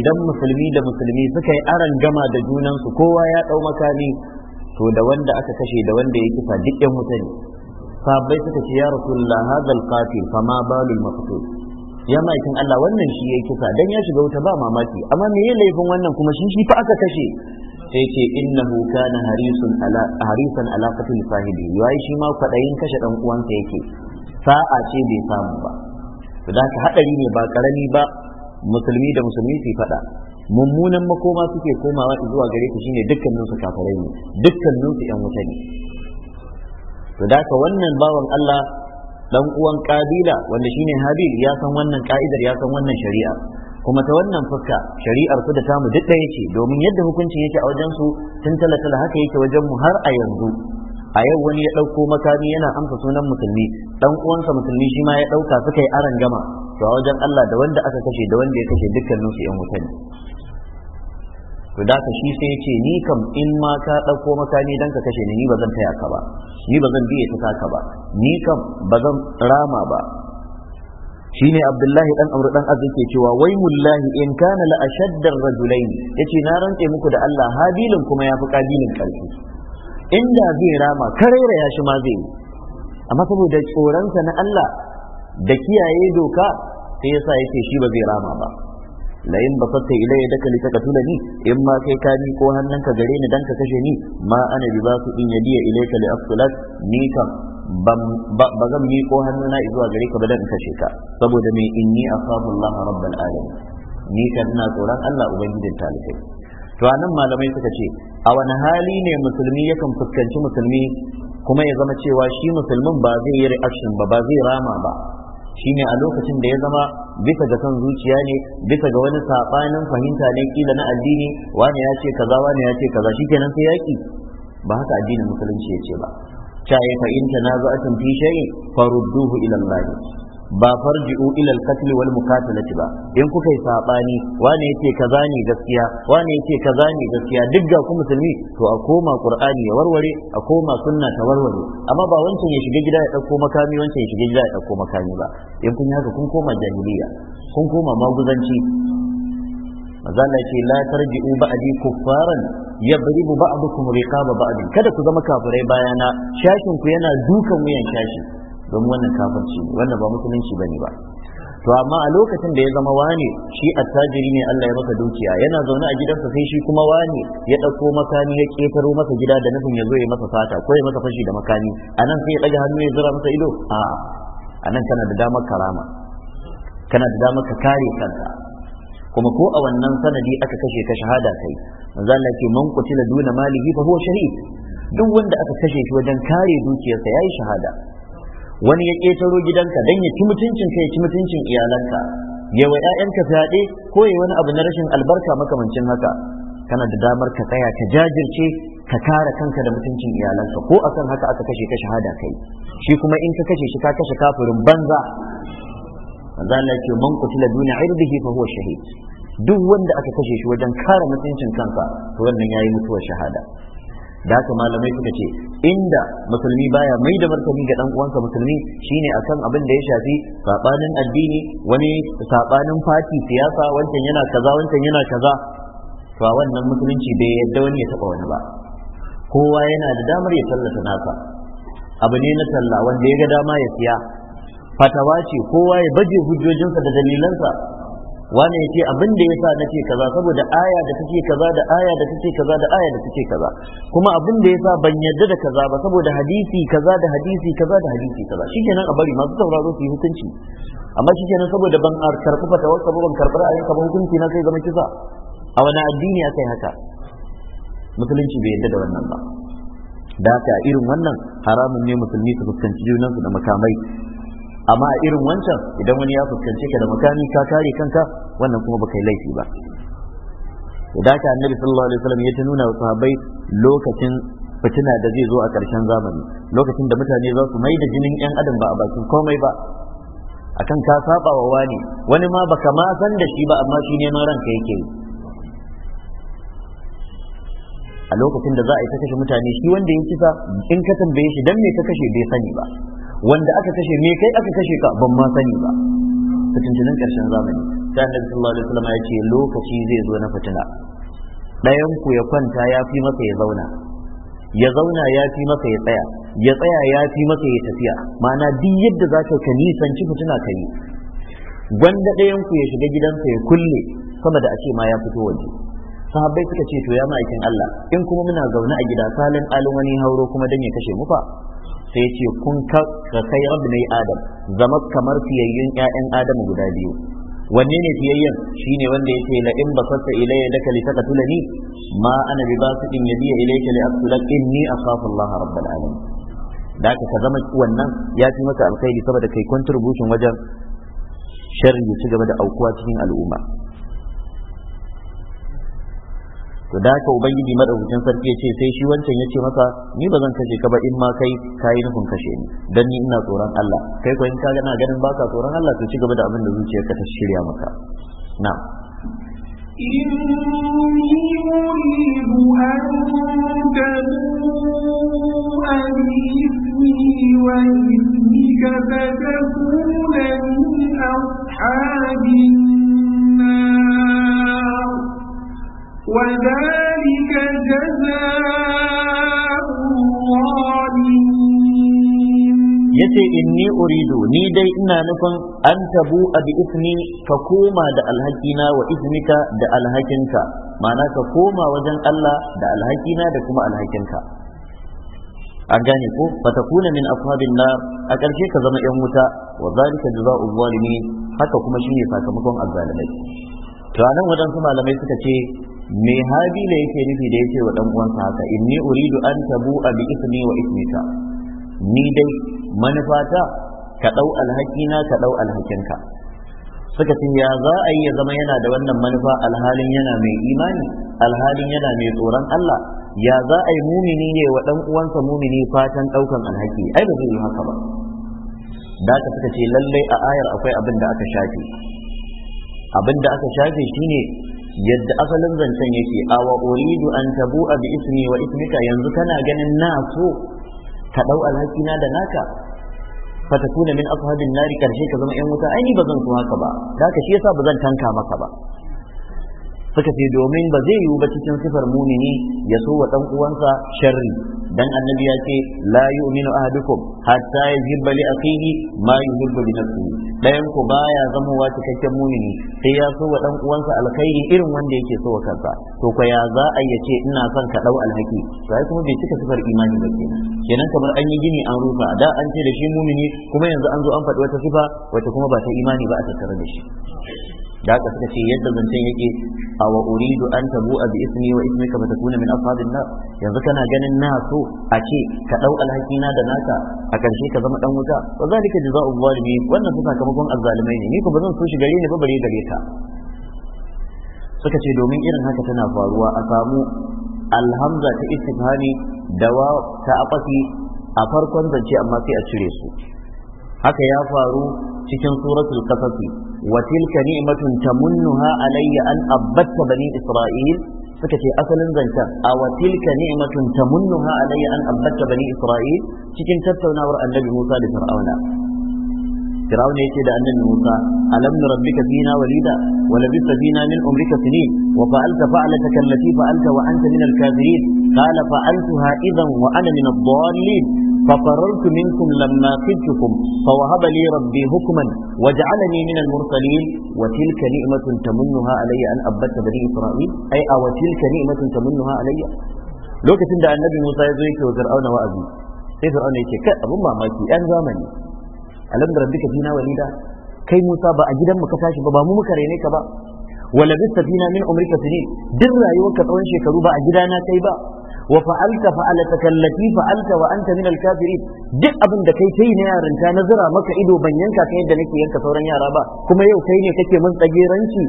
idan musulmi da musulmi suka yi aran gama da junansu kowa ya dau makami to da wanda aka kashe da wanda ya kisa duk yan mutane sahabbai suka ce ya rasulullah hadal qatil fama balul maqtul ya ma'aikin Allah wannan shi ya kisa dan ya shiga wuta ba mamaki amma me yayi laifin wannan kuma shi shi fa aka kashe sai ce innahu kana harisun ala harisan ala qatl sahibi yayi shi ma kwadayin kashe dan uwansa yake sa'a ce bai samu ba to da hadari ne ba karami ba musulmi da musulmi su fada mummunan makoma suke komawa zuwa gare ku shine dukkanin su kafirai ne dukkanin su yan wuta ne to da wannan bawan Allah dan uwan kabila wanda shine habil ya san wannan ka'idar ya san wannan shari'a kuma ta wannan fuska shari'ar su da tamu duk ɗaya ce domin yadda hukuncin yake a wajen su tun talatala haka yake wajen mu har a yanzu a yau wani ya ɗauko makami yana amsa sunan musulmi dan uwansa musulmi shi ma ya ɗauka suka yi aran gama to a wajen Allah da wanda aka kashe da wanda ya kashe dukkanin su yan wuta to da ka shi sai yace ce ni kam in ma ka ɗauko makami dan ka kashe ni ni ba zan taya ka ba ni ba zan biye ta ka ba ni kam ba zan rama ba ne abdullahi ɗan amru dan aziz ke cewa wai mullahi in kana la ashaddar ne, yace na rantse muku da Allah habilin kuma ya fi kabilin karfi inda zai rama karera ya shi ma zai yi amma saboda tsoronsa na Allah da kiyaye doka sai yasa yake shi ba zai rama ba layin basatta ilayya daka li taqtulani in ma kai ka ni ko hannunka gare ni dan ka kashe ni ma ana bi ba su in yadiya ka li aqtulak ni kan ba zan yi ko hannuna zuwa gare ka ba dan kashe ka saboda me inni sabon Allah rabbal alamin ni kan na tsoron Allah ubangijin talibai to anan malamai suka ce a wani hali ne musulmi yakan fuskanci musulmi kuma ya zama cewa shi musulmin ba zai yi reaction ba ba zai rama ba shine a lokacin da ya zama bisa ga son zuciya ne bisa ga wani sabanin fahimta ne kila na addini wani ya ce kaza wani ya ce kaza shikenan sai yaki ba haka addinin musulunci ya ce ba cha ya fa in tanaza'atun fi shay'in farudduhu ila Allah ba farji'u ila al-qatl wal muqatalati ba in kuka yi sabani wane yake kaza ne gaskiya wane yake kaza ne gaskiya duk ga ku musulmi to a koma qur'ani ya warware a koma sunna ta warware amma ba wancan ya shiga gida ya dauko makami wancan ya shiga gida ya dauko makami ba in kun yi haka kun koma jahiliya kun koma maguzanci maza ce la tarji'u ba'di kuffaran yabribu ba'dukum riqaba ba'd kada ku zama kafirai bayana shakin ku yana dukan wuyan shashi don wannan kafirci ne wannan ba musulunci bane ba to amma a lokacin da ya zama wane shi attajiri ne Allah ya maka dukiya yana zaune a gidansa sai shi kuma wani ya ɗauko makami ya ƙetaro masa gida da nufin ya zo ya masa fata ko ya masa fashi da makami a nan sai ya ɗaga hannu ya zira masa ido a a nan kana da damar karama kana da damar ka kare kanka kuma ko a wannan sanadi aka kashe ka shahada kai manzo Allah ke man kutila duna malihi fa huwa shahid duk wanda aka kashe shi wajen kare dukiyarsa yayi shahada wani ya ƙetaro gidanka don ya ci mutuncin ka ya ci mutuncin iyalanka ya wa ƴaƴanka fyaɗe ko ya wani abu na rashin albarka makamancin haka kana da damar ka tsaya ka jajirce ka kare kanka da mutuncin iyalanka ko akan haka aka kashe ka shahada kai shi kuma in ka kashe shi ka kashe kafirin banza manzo Allah yake man qutila duna irdihi fa huwa shahid duk wanda aka kashe shi wajen kare mutuncin kanka to wannan yayi mutuwar shahada da haka malamai suka ce inda musulmi baya mai da martani ga dan uwansa musulmi shine akan abin da ya shafi sabanin addini wani sabanin fati siyasa wancan yana kaza wancan yana kaza to a wannan musulunci bai yadda wani ya taba wani ba kowa yana da damar ya tallata nasa abu ne na talla wanda ya ga dama ya siya fatawa ce kowa ya baje hujjojinsa da dalilansa Wani ya ce abin da ya sa na kaza saboda aya da take kaza da aya da take kaza da aya da take kaza kuma abin da ya sa ban yarda da kaza ba saboda hadisi kaza da hadisi kaza da hadisi kaza shikenan a bari masu sauraro su yi hukunci amma shikenan saboda ban karɓi fata wasu ban karɓi ra'ayin ka ba hukunci na sai zama kisa a wani addini akai haka musulunci bai yarda da wannan ba da haka irin wannan haramun ne musulmi su fuskanci junansu da makamai amma a irin wancan idan wani ya fuskanci ka da makami ka kare kanka wannan kuma baka yi laifi ba da haka annabi sallallahu alaihi wasallam ya ta nuna wa sahabbai lokacin fitina da zai zo a ƙarshen zamani lokacin da mutane za su mai da jinin yan adam ba a bakin komai ba akan ka saba wa wani wani ma baka ma san da shi ba amma shi neman ranka yake yi a lokacin da za a yi ta kashe mutane shi wanda ya kisa in ka tambaye shi dan me ka kashe bai sani ba wanda aka kashe me kai aka kashe ka ban ma sani ba fitintunan ƙarshen zamani ta annabi sallallahu alaihi wasallam ya ce lokaci zai zo na fitina ɗayan ku ya kwanta ya fi masa ya zauna ya zauna ya fi masa ya tsaya ya tsaya ya fi masa ya tafiya ma'ana duk yadda za ka ka nisanci fitina ka yi gwanda ɗayan ku ya shiga gidansa ya kulle sama da a ce ma ya fito waje sahabbai suka ce to ya ma'aikin Allah in kuma muna zaune a gida salin alwani wani hauro kuma dan ya kashe mu fa sai ce kun ka kai rabbi adam zama kamar fiyayyun ƴaƴan adam guda biyu wanne ne fiyayyen shine wanda ya la in basatta ilayya laka li taqtulani ma ana bi basitin yadiya ilayka li aqtulak inni akhafu Allah rabbal alamin da ka zama wannan ya fi maka alkhairi saboda kai contribution wajen sharri ya ci gaba da aukuwa cikin al'umma to da haka ubangiji madaukakin sarki ya ce sai shi wancan ya ce masa ni ba zan kashe ka ba in ma kai kayan nufin kashe ni dan ni ina tsoron Allah kai ko in ka gana ganin baka tsoron Allah to ci gaba da abin da ka ta shirya maka na إني أريد أن تبوء بإثمي وإثمك فتكون من أصحاب النار وذلك جزاء الظالمين yace inni uridu ni dai ina nufin an tabu bi ismi ka koma da alhakina wa ismika da alhakinka ma'ana ka koma wajen Allah da alhakina da kuma alhakinka an gane ko kuna min ashabin na. a ƙarshe ka zama yan wuta wa zalika jazaa'u zalimin haka kuma shine sakamakon azzalimai to anan wadansu malamai suka ce habi habila yake nufi da yake wa dan uwansa haka inni uridu an tabu bi ismi wa ismika ni dai manufata ka dau alhakina ka dau alhakinka suka ce ya za a yi ya zama yana da wannan manufa alhalin yana mai imani alhalin yana mai tsoron Allah ya za a yi mumini ne wa dan uwansa mumini fatan ɗaukan alhaki ai ba zai yi haka ba da aka suka ce lallai a ayar akwai abin da aka shafe abin da aka shafe shine yadda asalin zancen yake awa uridu an tabu bi ismi wa ismika yanzu kana ganin na so ka dau alhakina da naka fatakuna min ashabin nari karshe ka zama yan wuta ai ni bazan so haka ba haka shi yasa bazan tanka maka ba suka ce domin ba zai yiwu ba cikin sifar munini, ya so wa dan uwansa sharri dan annabi ya ce la yu'minu ahadukum hatta yuhibba li akhihi ma yuhibbu li nafsihi dayan ku baya zamowa cikakken mumini sai ya so wa dan uwansa alkhairi irin wanda yake so wa kansa to ko ya za a ya ce ina son ka dau alhaki to kuma bai cika sifar imani ba kenan kenan kamar an yi gini an rufa da an ce da shi mumini kuma yanzu an zo an faɗi wata sifa wata kuma ba ta imani ba a tattare da shi da haka suka ce yadda zancen yake a wa uridu an tabu bi ismi wa ismika fa takuna min ashabin nar yanzu kana ganin na so a ce ka dau na da naka a karshe ka zama dan wuta wa zalika jazaa'u zalimi wannan su sakamakon azzalimai ne ni ko bazan so shi gare ni ba bare gare ka suka ce domin irin haka tana faruwa a samu alhamza ta istifhami da wa ta afasi a farkon zance amma sai a cire su haka ya faru cikin suratul kasafi wa tilka ni'matun tamunnuha alayya an abbatta bani isra'il suka ce asalin zancen a wa tilka ni'matun tamunnuha alayya an abbatta bani isra'il cikin tattaunawar annabi Musa da Fir'auna Fir'aun ya ce da annabi Musa alam nurabbika fina walida wa labista fina min umrika sinin wa fa'alta fa'alataka allati fa'alta wa anta min al-kafirin فقررت منكم لما خدتكم فوهب لي ربي حكما وجعلني من المرسلين وتلك نعمة تمنها علي أن أبت بني إسرائيل أي أو نعمة تمنها علي لو كتند النبي موسى يزويك وفرعون وأبي sai fir'auna yake kai abun mamaki yan zamani alam da rabbika fina walida kai Musa ba a gidan ka tashi ba ba mu muka rene ka ba wala bista fina min umrika sinin duk rayuwarka tsawon shekaru ba a na kai ba wa fa'alta fa'alataka allati fa'alta wa anta min al-kafirin duk abin da kai kai na yarinta na zira maka ido ban yanka kai yadda nake yanka sauran yara ba kuma yau kai ne kake mun tsageranci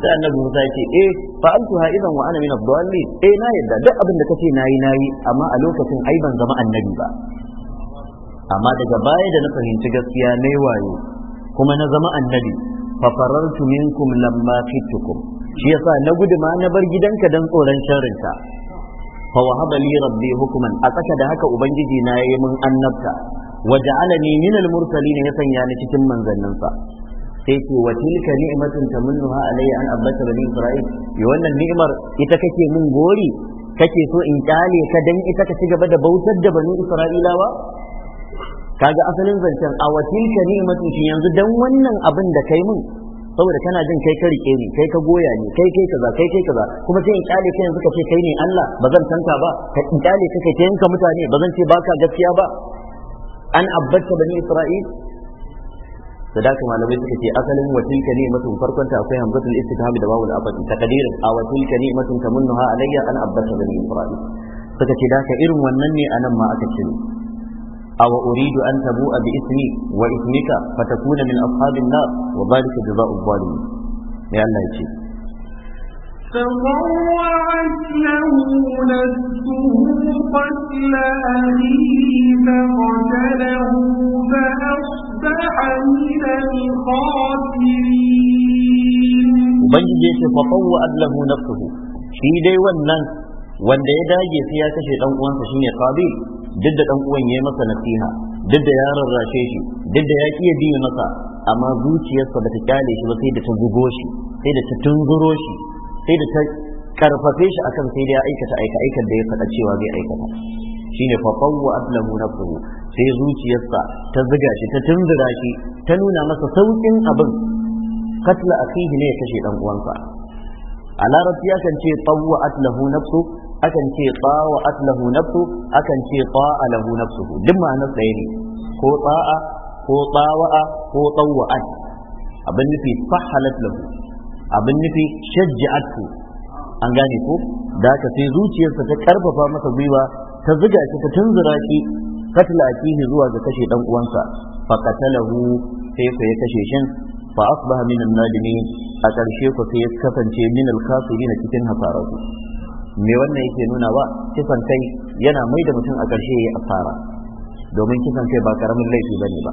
sai annabi Musa ce eh fa'altuha idan wa ana min ad-dallin eh na yadda duk abin da kace nayi nayi amma a lokacin ai ban zama annabi ba amma daga baya da na fahimci gaskiya nayi wayo kuma na zama annabi fa farartu minkum lamma fitukum shi yasa na gudu ma na bar gidanka dan tsoron sharinta? fa wahaba rabbi hukman a tsaka da haka ubangiji na yayi mun annabta waja'alani min al ne ya sanya ni cikin manzanninsa sai ce wa tilka ni'matun tamunnuha alayya an abbata bani isra'il yi wannan ni'imar ita kake mun gori kake so in kyale ka dan ita ka ci gaba da bautar da bani isra'ilawa ga asalin zancen a wa tilka ni'matun yanzu dan wannan abin da kai mun saboda kana jin kai ka rike ni kai ka goya ni kai kai kaza kai kai kaza kuma sai in kyale kai yanzu ka ce kai ne Allah ba zan tanka ba ka kyale ka kai yanka mutane ba zan ce baka gaskiya ba an abbatta bani isra'il sadaka malamai suka ce asalin wa tilka ni'matun farkon ta akwai hamzatul istighfar da babu al-abad taqdir a wa tilka ni'matun tamunnuha alayya an abbatta bani isra'il suka ce da irin wannan ne anan ma aka ciro أو أريد أن تبوء بإثمي وإثمك فتكون من أصحاب النار وذلك جزاء الظالمين يا الله يجي فطوعت له نفسه قتل أخيه فقتله فأصبح من الخاسرين Ubangiji فطوعت له نفسه في دي ون dai wannan wanda ya dage sai ya duk da dan uwan yayi masa nasiha duk da yaron rashe shi duk da ya kiya biye masa amma zuciyarsa ta kyale shi ba sai da ta zugo shi sai da ta tunzuro shi sai da ta karfafe shi akan sai da ya aikata aika da ya faɗa cewa zai aikata shine fa qawwa aslamu nafsuhu sai zuciyarsa ta zuga shi ta tunzura shi ta nuna masa saukin abin katla akhihi ne ya kashe dan uwansa a larabci ya kan ce tawwa atlahu nafsu akan ce tawa atlahu nafsu akan ce ta'a lahu nafsuhu duk ma'anar ɗaya ne ko ta'a ko tawa'a ko tawa'at abin nufi fahalat lahu abin nufi shajja'atu an gane ko da haka sai zuciyarsa ta karfafa masa gwiwa ta zuga shi ta tunzura shi katla akihi zuwa ga kashe dan uwansa fa qatalahu sai fa ya kashe shin fa asbaha minan an-nadimin a karshe ku sai ya kasance min al-kafirin cikin hasaratu me wannan yake nuna ba kisan kai yana mai da mutum a ƙarshe ya yi asara domin kisan kai ba karamin laifi ba ne ba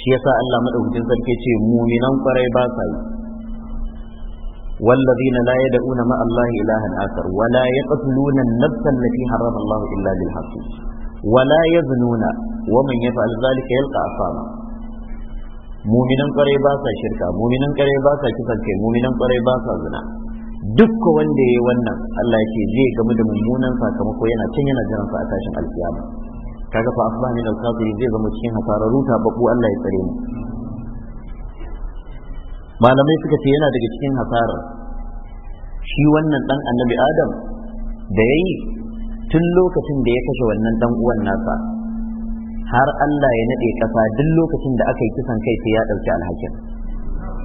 shi yasa Allah madaukakin sarki ce muminan kwarai ba sa yi والذين لا يدعون مع الله إلها آخر ولا يقتلون النفس التي حرم الله إلا بالحق ولا يزنون ومن يفعل ذلك يلقى أثاما مؤمنا قريبا شركا مؤمنا قريبا كسر مؤمنا قريبا زنا dukka wanda ya yi wannan Allah ya ce zai gamu da mummunan sakamako yana can yana jiran sa a tashin alkiyama kaga fa asba min al-kafiri zai zama cikin ta babu Allah ya tsare mu malamai suka ce yana daga cikin hasarar shi wannan dan annabi adam da yayi tun lokacin da ya kashe wannan dan uwan nasa har Allah ya nade kasa duk lokacin da aka yi kisan kai sai ya dauki alhakin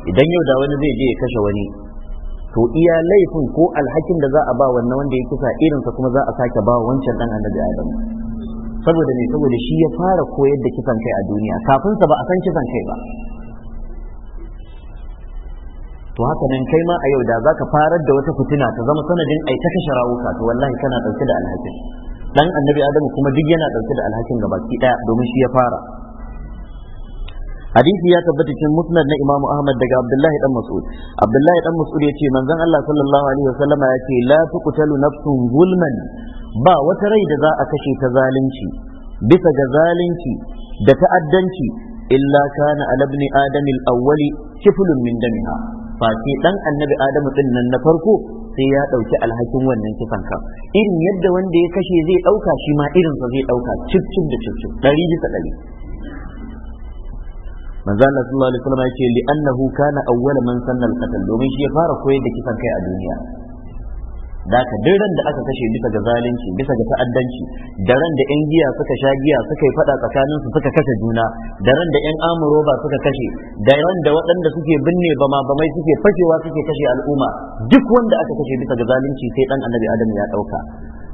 idan yau da wani zai je ya kashe wani to iya laifin ko alhakin da za a ba wannan wanda ya kisa irinsa kuma za a sake ba wancan dan annabi adam saboda me saboda shi ya fara koyar da kisan kai a duniya kafin sa ba a san kisan kai ba to haka nan kai ma a yau da zaka farar da wata fitina ta zama sanadin ai ta kashe rawuka to wallahi kana dauke da alhakin dan annabi adam kuma duk yana dauke da alhakin gabaki daya domin shi ya fara hadisi ya tabbata cikin musnad na imamu ahmad daga abdullahi dan mas'ud abdullahi dan mas'ud ya ce manzon allah sallallahu alaihi wasallama ya ce la tuqtalu nafsun zulman ba wata rai da za a kashe ta zalunci bisa ga zalunci da ta'addanci illa kana ala ibn adam al-awwali kiflun min damiha dan annabi adamu din nan na farko sai ya dauki alhakin wannan kisan ka irin yadda wanda ya kashe zai dauka shi ma irin sa zai dauka cip da cip ɗari bisa ɗari. manzo Allah sallallahu alaihi wasallam yace li annahu kana awwal man sanna al-qatl domin shi ya fara koyar da kisan kai a duniya da ka ran da aka kashe bisa ga zalunci bisa ga ta'addanci da ran da yan giya suka sha giya suka yi fada tsakanin su suka kashe juna da ran da yan amuroba suka kashe da ran da waɗanda suke binne bama bamai suke fashewa suke kashe al'umma duk wanda aka kashe bisa ga zalunci sai dan annabi adam ya dauka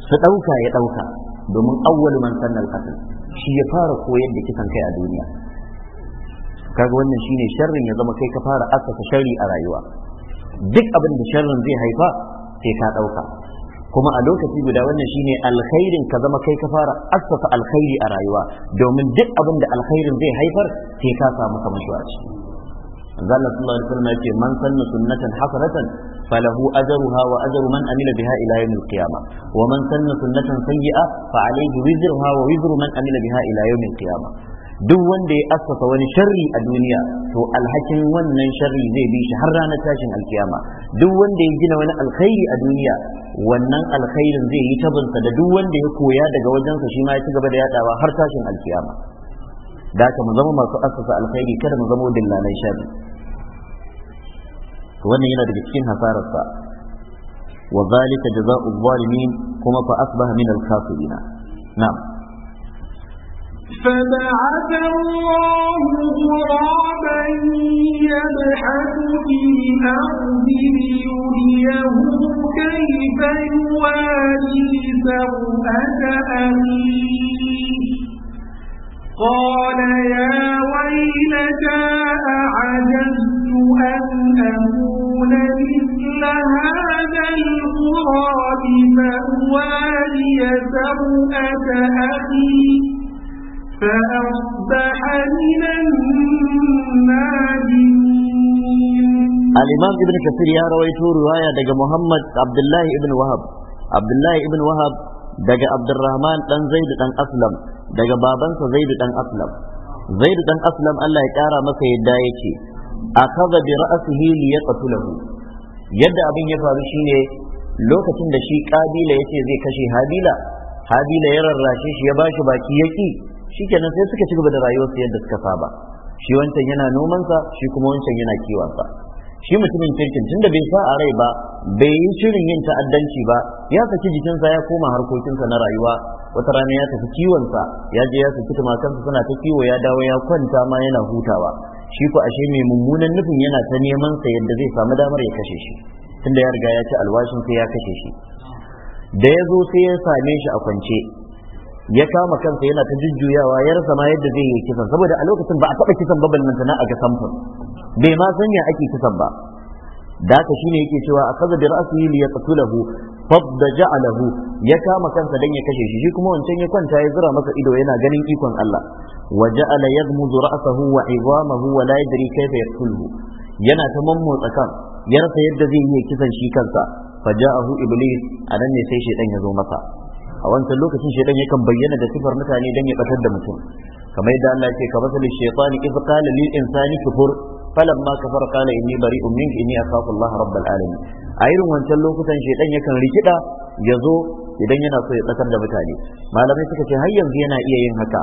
su dauka ya dauka domin awwalu man sanna al-qatl shi ya fara koyar da kisan kai a duniya kaga wannan shine sharrin ya zama kai ka fara asasa sharri a rayuwa duk abin da sharrin zai haifa sai ka ɗauka kuma a lokaci guda wannan shine alkhairin ka zama kai ka fara asasa alkhairi a rayuwa domin duk abin da alkhairin zai haifar sai ka samu kamar shi a ciki Allah sallallahu alaihi wasallam yace man sanna sunnatan hasanatan falahu ajruha wa ajru man amila biha ila yawmil qiyamah wa man sanna sunnatan sayyi'a fa alayhi wizruha wa wizru man amila biha ila yawmil qiyamah duk wanda ya assasa wani sharri a duniya to alhakin wannan sharri zai bi shi har ranar tashin alkiyama duk wanda ya gina wani alkhairi a duniya wannan alkhairin zai yi tabinsa da duk wanda ya koya daga wajensa shi ma ya ci gaba da yadawa har tashin alkiyama da mu zama masu assasa alkhairi kada mu zama dillalai sharri wannan yana daga cikin hasararsa wa zalika jazaa'u zalimin kuma fa asbaha min al-khasirin na'am فبعث الله غرابا يبحث في الأرض ليريه كيف يواجه سوءة أخيه قال يا ويلتى أعجزت أن أكون مثل هذا الغراب فأواري سوءة أخيه Al’imam Ibn Kasir ya rawaito riwaya daga Muhammad Abdullahi Ibn Wahab, Abdullahi Ibn Wahab daga Abdurrahman ɗan Zaidu ɗan Aslam, daga babansa Zaidu ɗan Aslam. Zaidu ɗan Aslam Allah ya ƙara masa yadda ya ce, A kaza bi ra’asihi li ya lahu. Yadda abin ya faru shi ne lokacin da shi ƙabila ya ce zai kashe Habila, Habila ya rarrashe shi ya ba shi baki ya shikenan sai suka ci gaba da rayuwarsu yadda suka saba shi wancan yana nomansa shi kuma wancan yana kiwonsa shi mutumin kirkin tunda bai sa a rai ba bai yi shirin yin ta'addanci ba ya saki jikinsa ya koma harkokinsa na rayuwa wata rana ya tafi kiwonsa ya je ya saki tumakansa suna ta kiwo ya dawo ya kwanta ma yana hutawa shi ko ashe mai mummunan nufin yana ta neman sa yadda zai samu damar ya kashe shi tunda ya riga ya ci alwashin sai ya kashe shi da ya zo sai ya same shi a kwance ya kama kansa yana ta jujjuyawa ya rasa ma yadda zai yi kisan saboda a lokacin ba a taba kisan ba ballanta na a ga samfur bai ma sanya ake kisan ba da haka shine yake cewa a kaza bi ra'sihi li yaqtulahu fadda ja'alahu ya kama kansa dan ya kashe shi shi kuma wancan ya kwanta ya zura masa ido yana ganin ikon Allah wa ja'ala yadmuzu ra'sahu wa 'idhamahu wa la yadri kayfa yaqtuluhu yana ta mammotsa kan ya rasa yadda zai yi kisan shi kansa faja'ahu iblis anan ne sai shedan ya zo masa a wancan lokacin shaitan yakan bayyana da sifar mutane dan ya batar da mutum kamar yadda Allah yake ka basali shaytani idh qala lil insani kufur falamma kafara kala inni bari'un minka inni akhafu Allah rabbal alamin a irin wancan lokutan shaitan yakan rikida ya zo idan yana so ya batar da mutane malamai suka ce har yanzu yana iya yin haka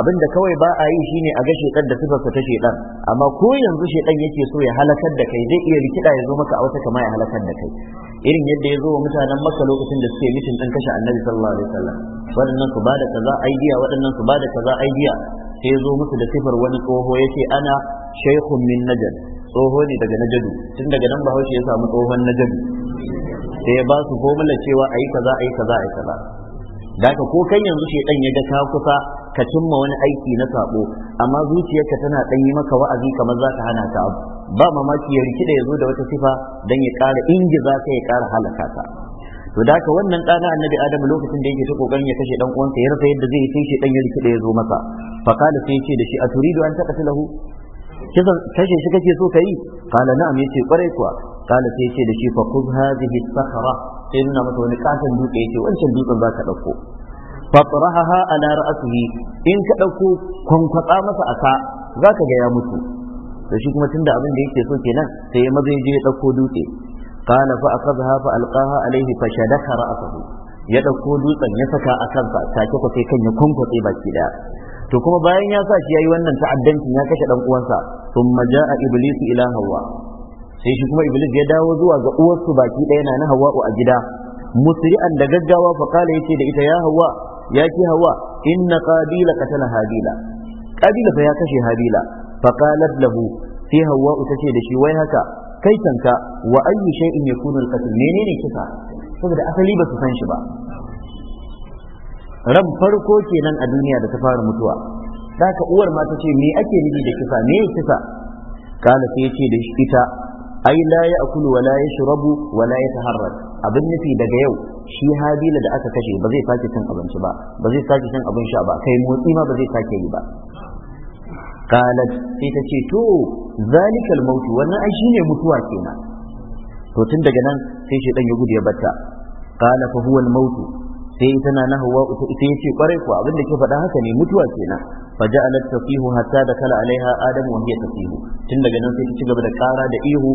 abin da kawai ba a yi shine a ga shedan da sifarsa ta shedan amma ko yanzu shedan yake so ya halakar da kai zai iya rikida ya zo maka a wata kama ya halakar da kai irin yadda ya zo wa mutanen maka lokacin da suke mitin ɗan kashe annabi sallallahu alaihi wasallam waɗannan su bada kaza aidiya waɗannan su bada kaza aidiya sai ya zo musu da sifar wani tsoho ya ce ana shaikhun min najad tsoho ne daga najadu tun daga nan bahaushe ya samu tsohon najadu sai ya ba su formula cewa ayi kaza ayi kaza ayi kaza da ko kai yanzu shi dan ya ga ta kusa ka cimma wani aiki na sabo amma zuciyarka tana dan yi maka wa'azi kamar za ta hana ta abu ba mamaki ya rikida ya zo da wata sifa dan ya ƙara ingiza ka ya ƙara halaka ta to da haka wannan ɗana annabi adam lokacin da yake ta kokarin ya kashe dan uwansa ya rasa yadda zai sai shi dan ya rikida ya zo masa fa kala sai ce da shi a Turidu an taqtilahu kisa kashe shi kake so kai kala na'am yace kwarai kuwa kala sai ce da shi fa khudh hadhihi sakhra sai nuna masa wani katon dutse yace wancan dutsen zaka dauko fatrahaha ala ra'sihi in ka dauko kwankwasa masa aka zaka ga ya mutu da shi kuma tunda abin da yake so kenan sai ya maza je ya dauko dutse qala fa akhadha fa alqaha alayhi fa shadaka ra'sahu ya dauko dutsen ya saka a kansa take ko kan ya kwankwatse baki daya to kuma bayan ya sa shi yayi wannan ta'addancin ya kashe dan uwansa thumma jaa iblis ila hawa sai shi kuma iblis ya dawo zuwa ga uwarsu baki ɗaya na na hawa a gida musri'an da gaggawa fa kala da ita ya hawa ya ce hawa inna qabila qatala habila qabila fa ya kashe habila fa qalat lahu sai hawa ta ce da shi wai haka kai tanka wa ayyu shay'in yakunu al-qatl menene kisa saboda asali ba su san shi ba ran farko kenan a duniya da ta fara mutuwa haka uwar ma ta ce me ake nufi da kisa me kisa kala sai ya ce da ita ai la ya akulu wa la ya shurabu wa la ya abin nufi daga yau shi habila da aka kashe ba zai sake cin abinci ba ba zai sake cin abin sha ba kai motsi ma ba zai sake yi ba qalat sai ta ce to zalikal maut wannan ai shine mutuwa kenan to tun daga nan sai shi dan ya gudu ya batta qala fa huwa al maut sai tana na hauwa ita yace kwarai kuwa abin da ke faɗa haka ne mutuwa kenan fa ja'alat tafihu hatta da kala alaiha adam wa hiya tafihu tun daga nan sai ta cigaba da kara da ihu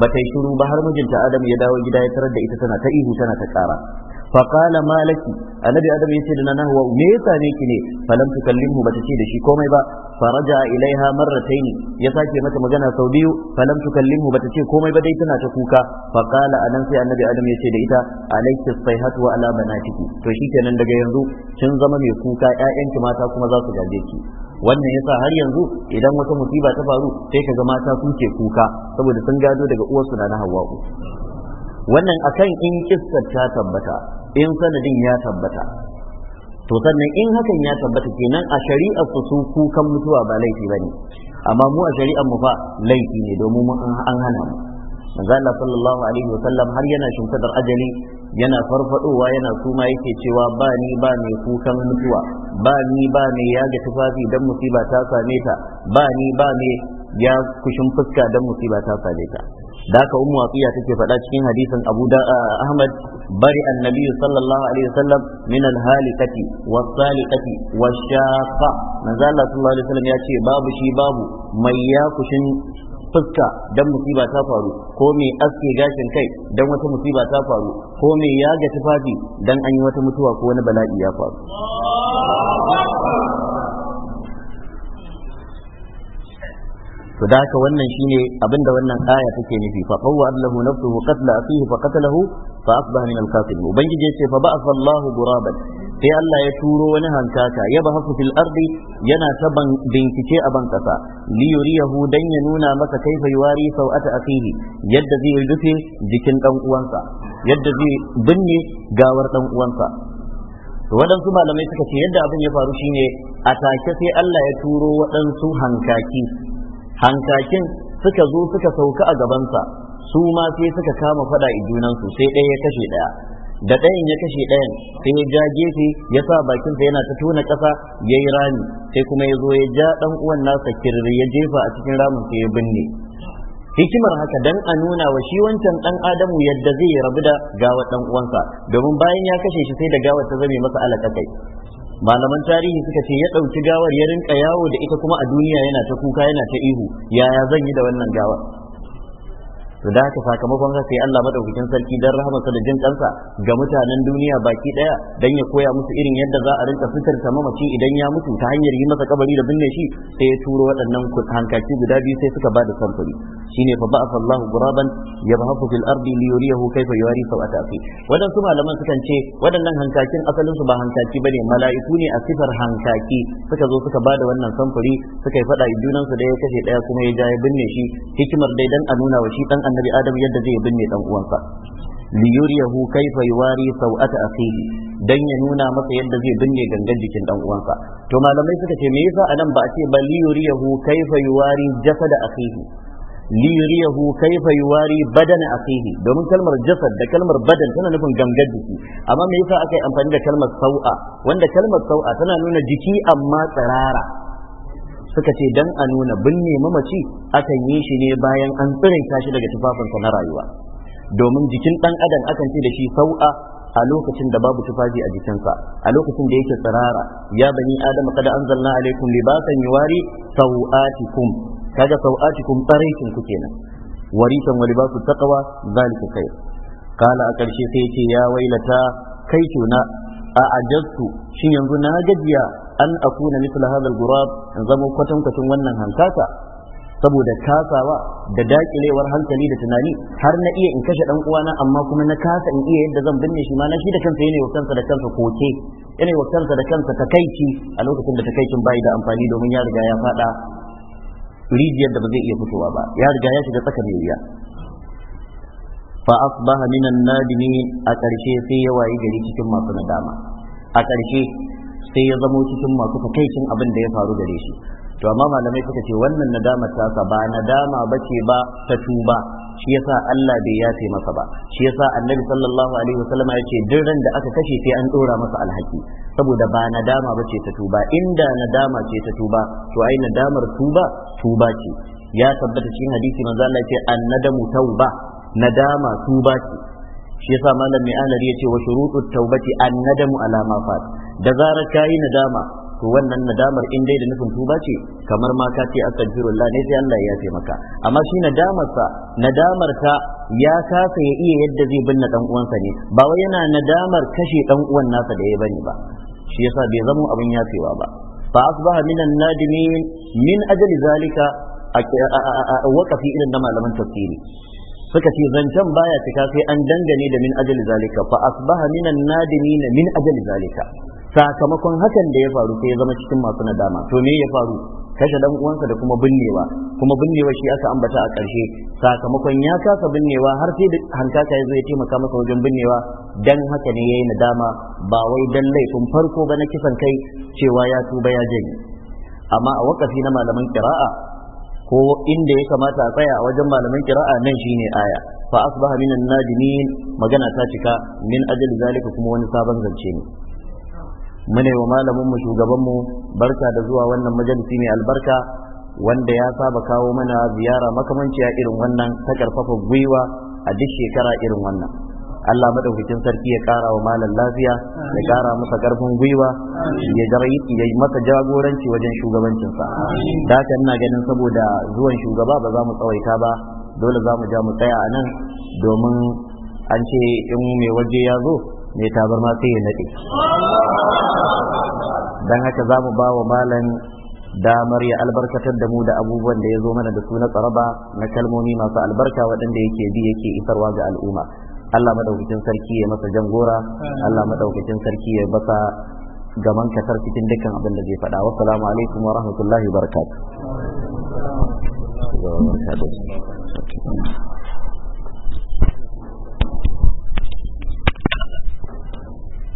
ba yi shiru ba har mijinta adam ya dawo gida ya tarar da ita tana ta ihu tana ta kara. فقال ما لك النبي ادم يتي لنا هو me yasa ne ki ne falam tukallimhu bata ce da shi komai ba faraja ilaiha marrataini ya sake mata magana sau biyu falam tukallimhu bata ce komai ba dai tana ta kuka faqala anan sai annabi adam yace da ita alayki sayhatu wa ala banatiki to kenan daga yanzu kin zama mai kuka ƴaƴanki mata kuma za su gaje ki wannan yasa har yanzu idan wata musiba ta faru sai kaga mata suke kuka saboda sun gado daga uwarsu na na hawa'u wannan akan in kissar ta tabbata in sanadin ya tabbata to sannan in hakan ya tabbata kenan a shari'ar su kukan mutuwa ba laifi ba ne, amma mu a shari'ar mu fa laifi ne domin mu an hana mu manzo Allah sallallahu alaihi wa sallam har yana shimfidar ajali yana farfadowa yana suma yake cewa ba ni ba ne kukan mutuwa ba ni ba ne ya ga tufafi dan musiba ta same ta ba ni ba ne ya kushin fuska dan musiba ta same ta da ummu atiya take faɗa cikin hadisin abu da ah, ahmad bari annabi sallallahu alaihi wasallam min alhalikati wasalikati washaqa manzo Allah sallallahu alaihi wasallam ya ce babu shi babu mai yakushin fuska dan musiba ta faru ko mai aske gashin kai dan wata musiba ta faru ko mai yaga tufafi dan an yi wata mutuwa ko wani bala'i ya faru to da haka wannan shine abinda wannan kaya take nufi fa qawwa lahu nafsuhu qatla akhihi fa qatalahu fa asbaha min al-khasirin ubangiji yace fa ba'atha Allahu guraban sai Allah ya turo wani hankaka ya bahafu fil yana ta bincike a bankasa li yuriyahu dan ya nuna maka kaifa yuwari sau'ata akhihi yadda zai rufe jikin dan uwansa yadda zai gawar dan uwansa waɗansu malamai suka ce yadda abin ya faru shine a take sai Allah ya turo waɗansu hankaki hankakin suka zo suka sauka a gabansa su ma sai suka kama fada i junansu sai ɗaya ya kashe ɗaya da ɗayan ya kashe ɗayan sai ya ja gefe ya sa bakinsa yana ta tona ƙasa ya yi rami sai kuma ya zo ya ja ɗan uwan nasa kirri ya jefa a cikin ramin sai ya binne hikimar haka dan a nuna wa shi wancan ɗan adamu yadda zai rabu da gawar ɗan uwansa domin bayan ya kashe shi sai da gawar ta zame masa alaƙa kai malaman tarihi suka ce ya ɗauki gawar ya rinka yawo da ita kuma a duniya yana ta kuka yana ta ihu yaya zan yi da wannan gawar to da haka sakamakon haka sai Allah madaukakin sarki dan rahamarsa da jin kansa ga mutanen duniya baki daya dan ya koya musu irin yadda za a rinka ta mamaci idan ya mutu ta hanyar yi masa kabari da binne shi sai ya turo waɗannan hankaki guda biyu sai suka ba da samfuri shine fa ba'atha Allah guraban yabhafu fil ardi li yuriyahu kayfa yuwari sawata fi wadan su malaman sukan ce wadannan hankakin asalin su ba hankaki bane mala'iku ne a sifar hankaki suka zo suka bada wannan samfuri suka yi fada junan su da ya kashe daya kuma ya ja ya binne shi hikimar dai dan a nuna wa shi dan annabi Adam yadda zai binne dan uwansa li yuriyahu kayfa yuwari sawata akhihi dan ya nuna masa yadda zai binne gangan jikin dan uwansa to malamai suka ce me yasa anan ba a ce ba li yuriyahu kayfa yuwari jasada akhihi liyuriyahu kaifa yuwari badan akhihi domin kalmar jasad da kalmar badan tana nufin gangar jiki amma me yasa aka yi amfani da kalmar sau'a wanda kalmar sau'a tana nuna jiki amma tsirara suka ce dan a nuna binne mamaci akan yi shi ne bayan an tsiraita shi daga tufafinsa na rayuwa domin jikin dan adam akan ce da shi sau'a a lokacin da babu tufafi a jikinsa a lokacin da yake tsirara ya bani adama kada anzalna alaikum libasan yuwari sau'atikum kaga sau'atikum tsaraikin ku kenan warisan wa libasu taqwa zalika kai, kala a ƙarshe sai ce ya wailata kai tuna a ajastu shin yanzu na gajiya an akuna mithl hadha al-ghurab in zama kwatankwacin wannan hankaka saboda kasawa da dakilewar hankali da tunani har na iya in kashe dan uwana amma kuma na kasa in iya yadda zan binne shi ma na shi da kansa yana wa kansa da kansa koke yana wa kansa da kansa takaici a lokacin da takaicin bai da amfani domin ya riga ya fada rijiyar da ba zai iya fitowa ba ya riga ya shiga tsakar rijiya fa asbaha minan ne a ƙarshe sai ya wayi gari cikin masu nadama a ƙarshe sai ya zamo cikin masu fakaicin abin da ya faru gare shi to amma malamai suka ce wannan nadama tasa ba nadama bace ba ta tuba shi yasa Allah bai yafe masa ba shi yasa annabi sallallahu alaihi wasallam ya ce duk ran da aka kashe sai an dora masa alhaki saboda ba nadama bace ta tuba inda nadama ce ta tuba to ai nadamar tuba tuba ce ya tabbata cikin hadisi manzo Allah ya ce annadamu tauba nadama tuba ce shi yasa malam mai alari ya ce wa shurutu taubati annadamu ala ma fat da zarar kayi nadama to wannan nadamar in dai da nufin tuba ce kamar ma ka ce astaghfirullah ne sai Allah ya yafe amma shi nadamar sa nadamar ta ya kasa ya iya yadda zai binne dan uwansa ne ba wai yana nadamar kashe dan uwan nasa da ya bane ba shi yasa bai zama abin yafewa ba fa asbaha minan nadimin min ajli zalika waqafi irin na malaman tafsiri suka ce zancen baya cika sai an dangane da min a zalika fa asbaha minan nadimin min ajali zalika sakamakon hakan da ya faru sai ya zama cikin masu nadama to me ya faru kashe dan uwansa da kuma binnewa kuma binnewa shi aka ambata a ƙarshe sakamakon ya kasa binnewa har sai da hankaka ya zo ya taimaka masa wajen binnewa dan haka ne yayi nadama ba wai dan laifin farko ba na kisan kai cewa ya tuba ya janye amma a wakafi na malaman kira'a ko inda ya kamata a tsaya a wajen malaman kira'a nan shine aya fa asbaha minan najimin magana ta cika min ajali zalika kuma wani sabon zance ne mune wa malamin mu shugaban mu barka da zuwa wannan majalisi mai albarka wanda ya saba kawo mana ziyara a irin wannan ta karfafa gwiwa a duk shekara irin wannan Allah madaukakin sarki ya kara wa malam lafiya ya kara masa karfin gwiwa ya jarayi ya masa jagoranci wajen shugabancinsa da haka ina ganin saboda zuwan shugaba ba za mu tsawaita ba dole za mu ja mu tsaya a nan domin an ce in mai waje ya zo mai ma sai ya nade dan haka za mu ba wa malam damar ya albarkatar da mu da abubuwan da ya zo mana da su na tsaraba na kalmomi masu albarka waɗanda yake bi yake isarwa ga al'umma Allah madaukakin sarki ya masa gora Allah madaukakin sarki ya basa gaman kasar cikin dukkan abin da zai faɗa salamu alaikum wa rahmatullahi barakatuh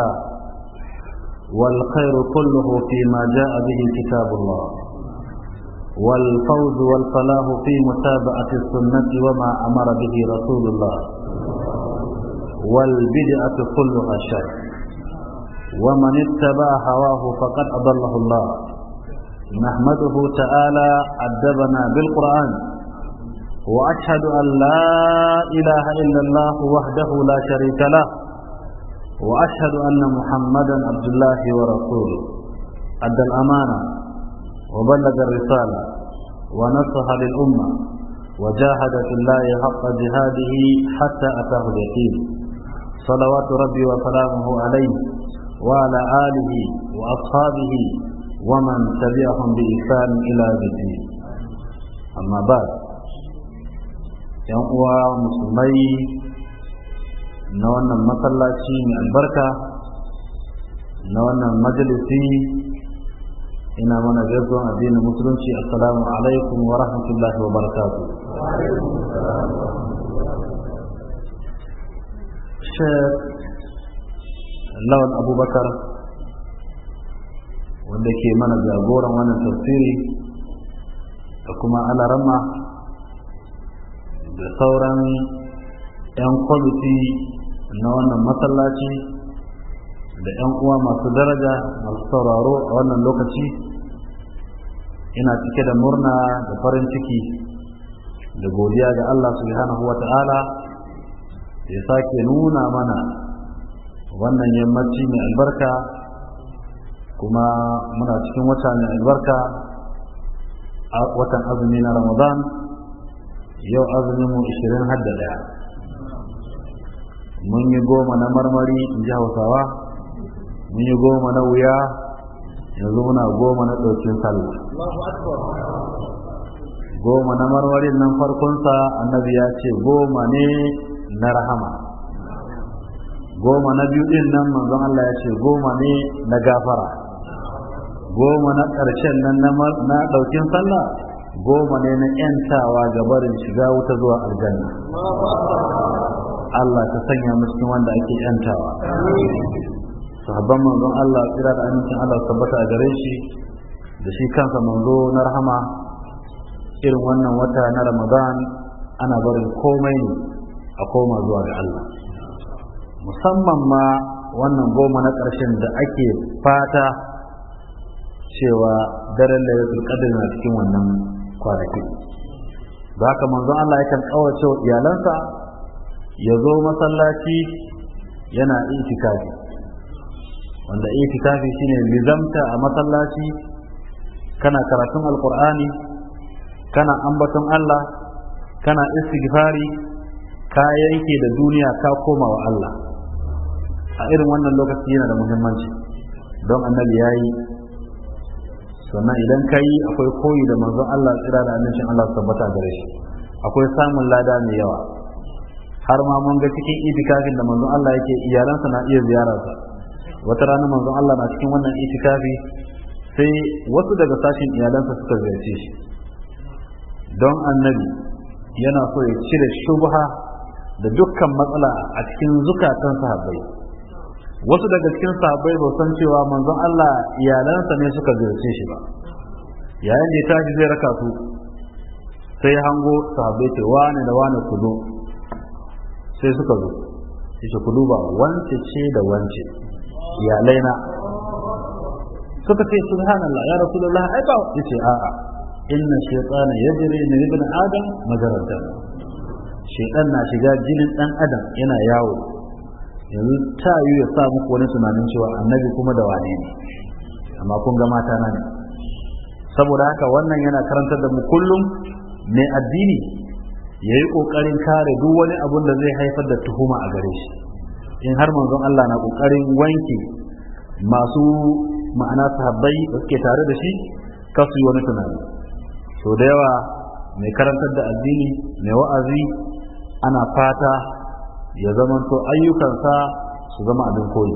الله والخير كله فيما جاء به كتاب الله والفوز والصلاه في متابعة السنة وما أمر به رسول الله والبدعة كلها شر ومن اتبع هواه فقد أضله الله نحمده تعالى أدبنا بالقرآن وأشهد أن لا إله إلا الله وحده لا شريك له وأشهد أن محمدا عبد الله ورسوله أدى الأمانة وبلغ الرسالة ونصح للأمة وجاهد في الله حق جهاده حتى أتاه اليقين صلوات ربي وسلامه عليه وعلى آله وأصحابه ومن تبعهم بإحسان إلى الدين أما بعد 'yan uwa na wannan masallaci mai albarka na wannan majalisi ina mana gaisuwan addinin musulunci assalamu alaikum wa rahmatullahi wa barakatu Lawan Abubakar wanda ke mana jagoran wannan tafsiri da kuma alarama da sauran 'yan kwamiti na wannan masallaci da 'yan uwa masu daraja masu sauraro a wannan lokaci ina cike da murna da farin ciki da godiya ga Allah subhanahu wa ta'ala da ya sake nuna mana wannan yammaci mai albarka kuma muna cikin wata mai albarka watan azumi na ramadan yau azumin mu 20 har da daya mun yi goma na marmari in ji hausawa mun yi goma na wuya yanzu muna goma na ɗaukin sallah goma na marmarin nan farkonsa annabi ya ce goma ne na rahama goma na biyu ɗin nan manzon Allah ya ce goma ne na gafara goma na ƙarshen nan na ɗaukin sallah goma ne na ‘yantawa ga barin shiga wuta zuwa aljanna Allah ta sanya mu wanda ake yantawa sahabban manzon Allah tsira da amincin Allah tabbata a gare shi da shi kansa manzo na rahama irin wannan wata na Ramadan ana barin komai ne a koma zuwa ga Allah musamman ma wannan goma na ƙarshen da ake fata cewa daren ya qadr na cikin wannan kwanaki da haka manzon Allah yakan kawace iyalansa ya zo masallaci yana itikafi wanda itikafi shine lizamta a masallaci kana karatun alkur'ani kana ambaton Allah kana istighfari ka yanke da duniya ka koma wa Allah a irin wannan lokaci yana da muhimmanci don annabi yayi sannan idan ka yi akwai koyi da manzon Allah tsira da annabin Allah tabbata gare shi akwai samun lada mai yawa har ma mun ga cikin itikafin da manzon Allah yake iyalansa na iya ziyararsa wata rana manzon Allah na cikin wannan itikafi sai wasu daga sashin iyalansa suka ziyarce shi don annabi yana so ya cire shubha da dukkan matsala a cikin zukatan sahabbai wasu daga cikin sahabbai ba san cewa manzon Allah iyalansa ne suka ziyarce shi ba yayin da ya tashi zai raka su sai hango sahabbai ce wane da wane ku zo sai suka zo ce ku duba wance ce da wance iyalai na suka ce subhanallah ya rasulullah ai ba yace a'a inna shaytana yajri min ibn adam majaratan shaytan na shiga jinin dan adam yana yawo yanzu ta yi ya sa muku wani tunanin cewa annabi kuma da wane ne amma kun ga mata na ne saboda haka wannan yana karantar da mu kullum mai addini ya yi ƙoƙarin kare duk wani abun da zai haifar da tuhuma a gare shi in har manzon Allah na ƙoƙarin wanke masu ma'ana sahabbai da suke tare da shi kasu yi wani tunani so da yawa mai karantar da addini mai wa'azi ana fata ya zama to ayyukansa su zama abin koyi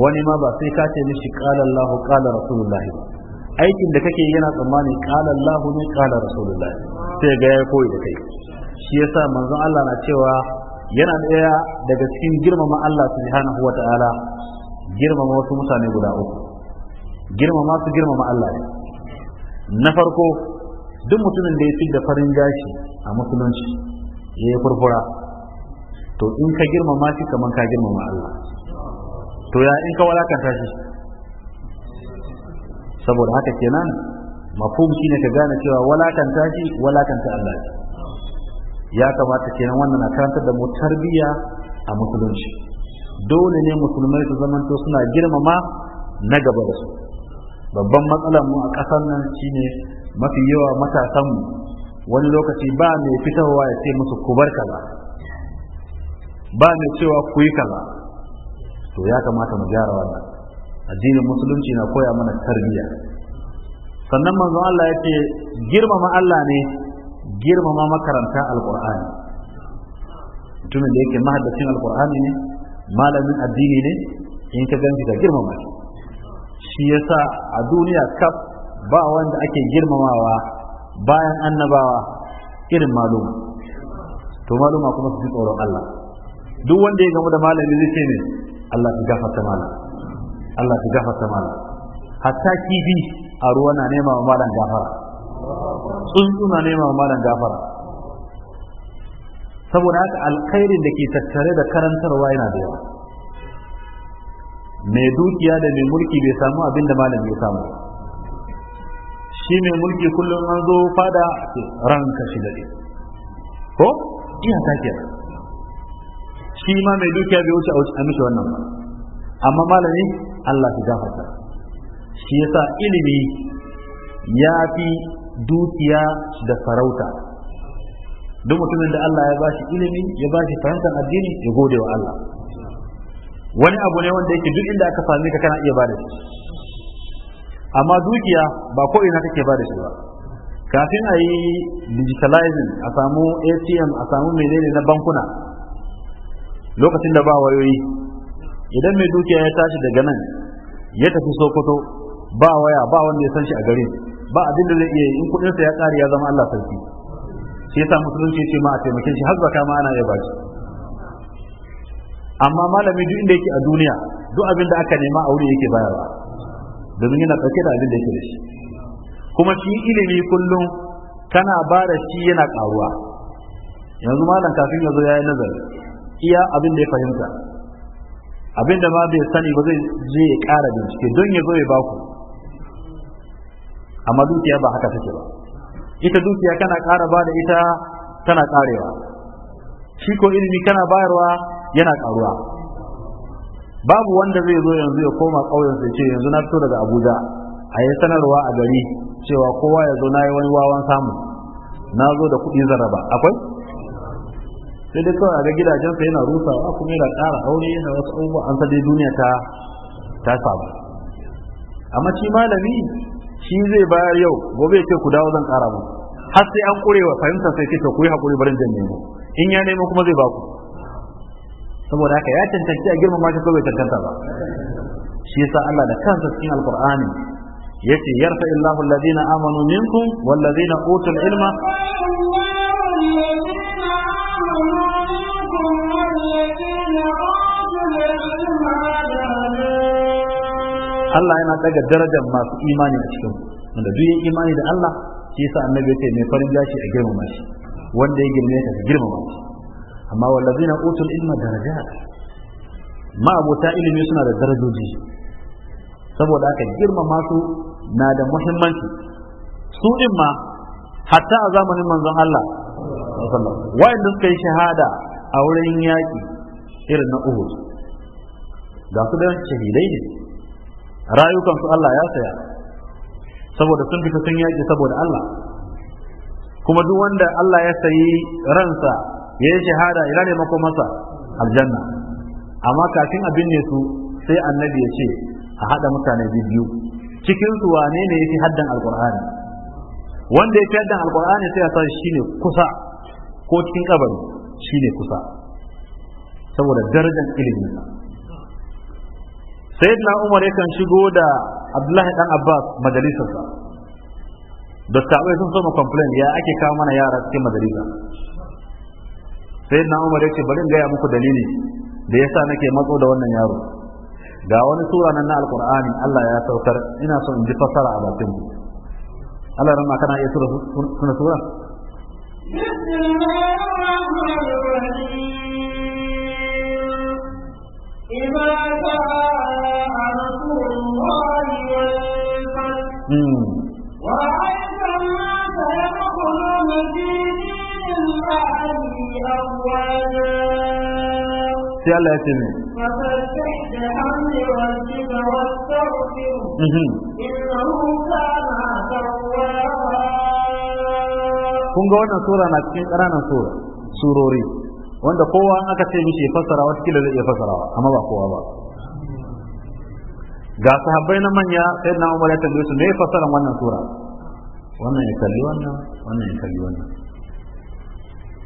wani ma ba sai ka ce mishi qala Allah qala rasulullahi aikin da kake yana tsammani qala Allah ne qala rasulullahi sai ga ya koyi da kai shi yasa manzon Allah na cewa yana daya daga cikin girmama Allah subhanahu wa ta'ala girmama wasu mutane guda uku girmama su girmama Allah ne na farko duk mutumin da ya fi da farin gashi a musulunci ya yi furfura to in ka girmama shi kamar ka girmama Allah to ya in ka walakanta shi saboda haka kenan mafhum shine ka gane cewa wala kan wala kan ta Allah ya kamata kenan wannan na karantar da mu tarbiyya a musulunci dole ne musulmai su zamanto suna girmama na gaba da su babban matsalar mu a ƙasar nan shine mafi yawa matasan mu wani lokaci ba mai fitowa ya ce musu ku bar kaza ba mai cewa ku yi kaza to ya kamata mu gyara wannan addinin musulunci na koya mana tarbiyya sannan manzon Allah ya ce girmama Allah ne girmama makaranta alqur'ani mutumin da yake mahaddacin alqur'ani ne malamin addini ne in ka ganci ka girmama shi shi yasa a duniya kaf ba wanda ake girmamawa bayan annabawa irin maluma to maluma kuma su ji tsoron Allah duk wanda ya gamu da malami zai ce ne Allah ki gafarta malam Allah ki gafarta malam hatta kifi a ruwa na nema wa malam gafara tsuntsu na nema wa malam gafara saboda haka alkhairin da ke tattare da karantarwa yana da yawa mai dukiya da mai mulki bai samu abin da malam ya samu shi mai mulki kullum an zo fada ranka shi da ko iya take shi ma mai dukiya bai wuce a mishi wannan ba amma malami Allah ya gafarta shi yasa ilimi ya fi dukiya da sarauta duk mutumin da Allah ya bashi ilimi ya bashi fahimtar addini ya gode wa Allah wani abu ne wanda yake duk inda aka same ka kana iya ba da shi amma dukiya ba ko ina kake ba da shi ba kafin a yi digitalizing a samu atm a samu menene na bankuna lokacin da ba wayoyi idan mai dukiya ya tashi daga nan ya tafi sokoto ba waya ba wanda ya san shi a garin ba abin da zai iya yi in kudin sa ya kare ya zama Allah sarki shi yasa musulunci ce ma a taimake shi har zaka ma ana yaba shi amma malami duk inda yake a duniya duk abin da aka nema a wuri yake bayarwa domin yana ɗauke da abin da yake da shi kuma shi ilimi kullum kana ba da shi yana ƙaruwa yanzu malam kafin ya zo ya yi nazari iya abin da ya fahimta abin da ma bai sani ba zai je ya ƙara bincike don ya zo ya baku amma dukiya ba haka take ba ita dukiya kana ƙara ba da ita tana ƙarewa shi ko ilimi kana bayarwa yana ƙaruwa babu wanda zai zo yanzu ya koma ƙauyen ya ce yanzu na fito daga abuja a yi sanarwa a gari cewa kowa ya zo na yi wani wawan samu na zo da kuɗi zaraba akwai sai dai kawai ga gidajensa yana rusawa kuma yana ƙara aure yana wasu abubuwa an sa dai duniya ta ta samu amma shi malami shi zai bayar yau gobe ce ku dawo zan kara mu har sai an kurewa fahimta sai ce ku yi hakuri barin jan nemo in ya nemo kuma zai baku saboda haka ya cancanci a girmama shi ko bai cancanta ba shi yasa Allah da kansa cikin alqur'ani yace yarfa illahu alladhina amanu minkum walladhina utul ilma Allah yana daga darajar masu imani a cikin wanda duk yin imani da Allah shi yasa annabi ya ce mai farin gashi a girmama shi wanda ya girme ka girmama shi amma wallazina utul ilma darajat ma ilimi suna da darajoji saboda aka girmama su na da muhimmanci su din ma hatta a zamanin manzon Allah wa'anda suka yi shahada a wurin yaƙi irin na Uhud ga su da shahidai ne rayukansu Allah ya saya saboda sun fita sun yaƙi saboda Allah kuma duk wanda Allah ya sayi ransa ya yi shahada ina ne mako masa aljanna amma kafin a binne su sai annabi ya ce a haɗa mutane biyu cikin su wane ne yake haddan alqur'ani wanda yake haddan alqur'ani sai ya sa shine kusa ko cikin kabari shine kusa saboda darajar ilimi. sayyidina umar yakan shigo da abdullahi dan abbas da dattabai sun so mu complain ya ake kawo mana yara cikin majalisa sayyidina umar ya ce bari in gaya muku dalili da yasa nake matso da wannan yaro ga wani sura nan na alqur'ani Allah ya saukar ina so in ji fasara a bakin Allah ran ma kana iya sura suna sura Allah ya ce ne mhm. kun ga wannan sura na cikin ƙananan sura surori wanda kowa aka ce mishi ya fassara wata kila zai iya fassarawa amma ba kowa ba ga sahabbai na manya sai na umar ya tambaye su me fasaran wannan sura wannan ya kalli wannan wannan ya kalli wannan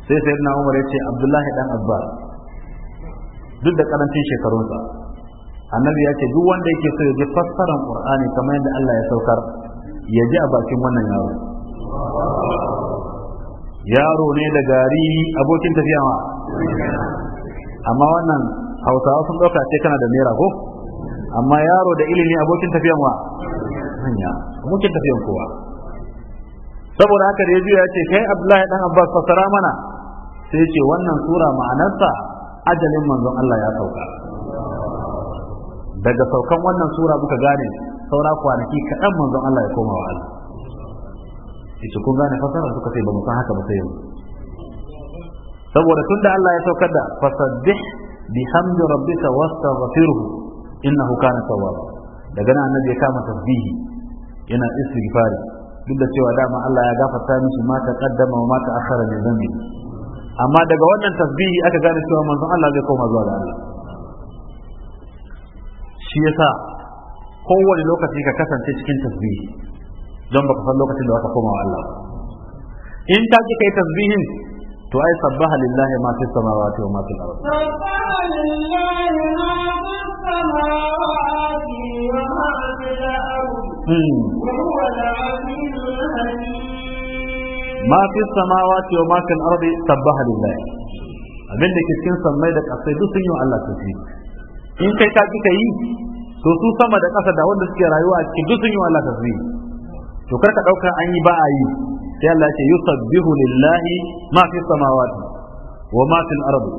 sai sai na umar ya ce abdullahi dan abbas duk da karancin shekarunsa annabi ya ce duk wanda yake so ya ji fassaran qur'ani kamar yadda Allah ya saukar ya ji a bakin wannan yaro yaro ne da gari abokin tafiya ma amma wannan hausawa sun ɗauka ce kana da naira ko amma yaro da ilimi abokin tafiyan wa hanya abokin tafiyan kowa saboda haka da ya ya ce kai abdullahi dan abbas fasara mana sai ce wannan sura ma'anarsa ajalin manzon Allah ya sauka daga saukan wannan sura muka gane saura kwanaki kaɗan manzon Allah ya koma wa Allah kun gane fasara suka sai ba mu san haka ba sai yanzu saboda tunda Allah ya saukar da fasaddih bihamdi rabbika wastaghfirhu innahu kana tawwab daga nan annabi ya kama tasbihi yana istighfari duk da cewa dama Allah ya gafarta mishi ma ta kaddama wa ma ta akhara min zambi amma daga wannan tasbihi aka gane cewa manzon Allah zai koma zuwa ga Allah shi yasa kowane lokaci ka kasance cikin tasbihi don baka san lokacin da zaka koma wa Allah in ta ji kai tasbihin to ai sabbaha lillahi ma fi samawati wa ma fil ardi sabbaha lillahi ma fi samawati wa ma fil ardi hmm. wa huwa al-'aliyyul ma fi samawati wa ma fil ardi sabbaha lillahi abin da ke cikin sammai da ƙasa duk sun yi Allah tafi in kai ka kika yi to su sama da ƙasa da wanda suke rayuwa a cikin duk sun yi Allah tafi to kar ka ɗauka an yi ba a yi sai Allah ya ce yusabbihu lillahi ma fi samawati wa ma fil ardi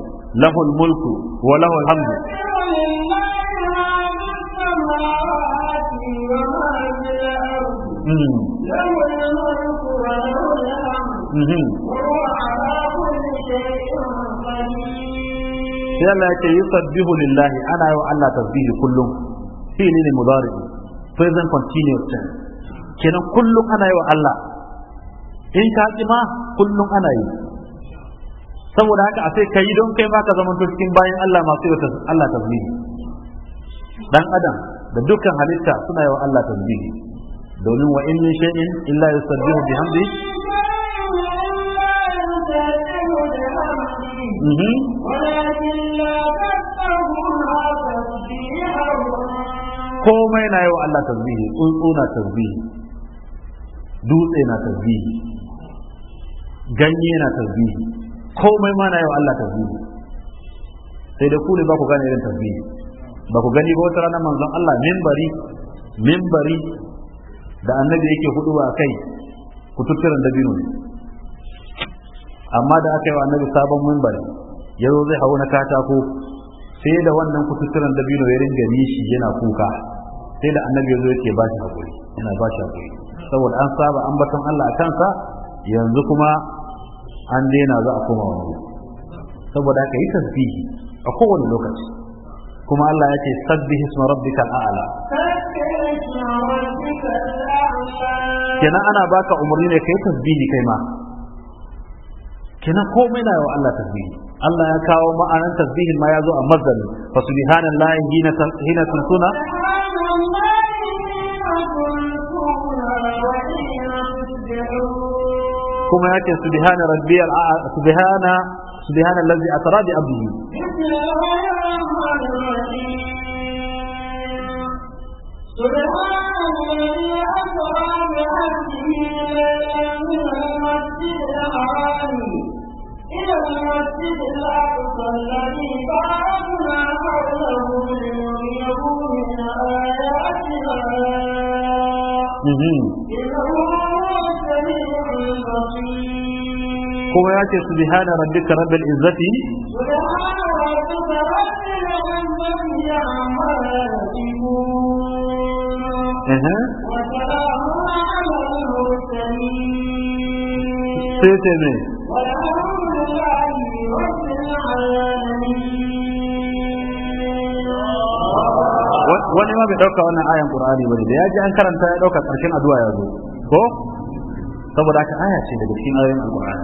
lahu mulku wa lahu al-hamdu Mm. sai Allah yake yusabbihu lillahi ana yi wa Allah tasbihi kullum fi'li ne mudari present continuous tense kenan kullum ana yi wa Allah in ka ki ma kullum ana yi saboda haka a sai ka yi don kai ma ka zama cikin bayan Allah masu yi Allah tasbihi dan adam da dukkan halitta suna yi wa Allah tasbihi domin wa in min shay'in illa yusabbihu bihamdi mhm. komai na yau Allah tasbihi tsuntsu na tasbihi dutse na tasbihi ganye na tasbihi komai ma na yau Allah tasbihi sai da ku ne ba ku gane irin tasbihi ba ku gani ba wata rana manzon Allah membari membari da annabi yake hudu a kai kututturan dabino ne amma da aka yi wa annabi sabon mimbar ya zo zai hau na katako sai da wannan kututturan dabino ya ringa nishi yana kuka sai da annabi ya zo yake ba shi hakuri yana ba shi hakuri saboda an saba an batun Allah a kansa yanzu kuma an daina za a koma wani saboda aka yi tasbihi a kowane lokaci kuma Allah ya ce sabbihi isma rabbikal a'la sabbihi isma rabbikal kenan ana baka umarni ne kai tasbihi kai ma kenan komai na wa Allah tasbihi Allah ya kawo ma'anar tasbihin ma ya zo a mazdalin fa subhanallahi hina tunsuna kuma ya ce subhana rabbiyal subhana subhana allazi asra bi abdihi سبحان الذي أسرى بعبده ليلا من المسجد الحرام إلى المسجد الأقصى الذي باركنا حوله لنريه من آياتنا إنه هو السميع البصير kuma ya ce subhana rabbika rabbil izzati sai ce ne wani ma bai dauka wannan ayan qur'ani bane da yaji an karanta ya dauka karshen addu'a ya zo ko saboda aka aya ce daga cikin ayoyin alqur'ani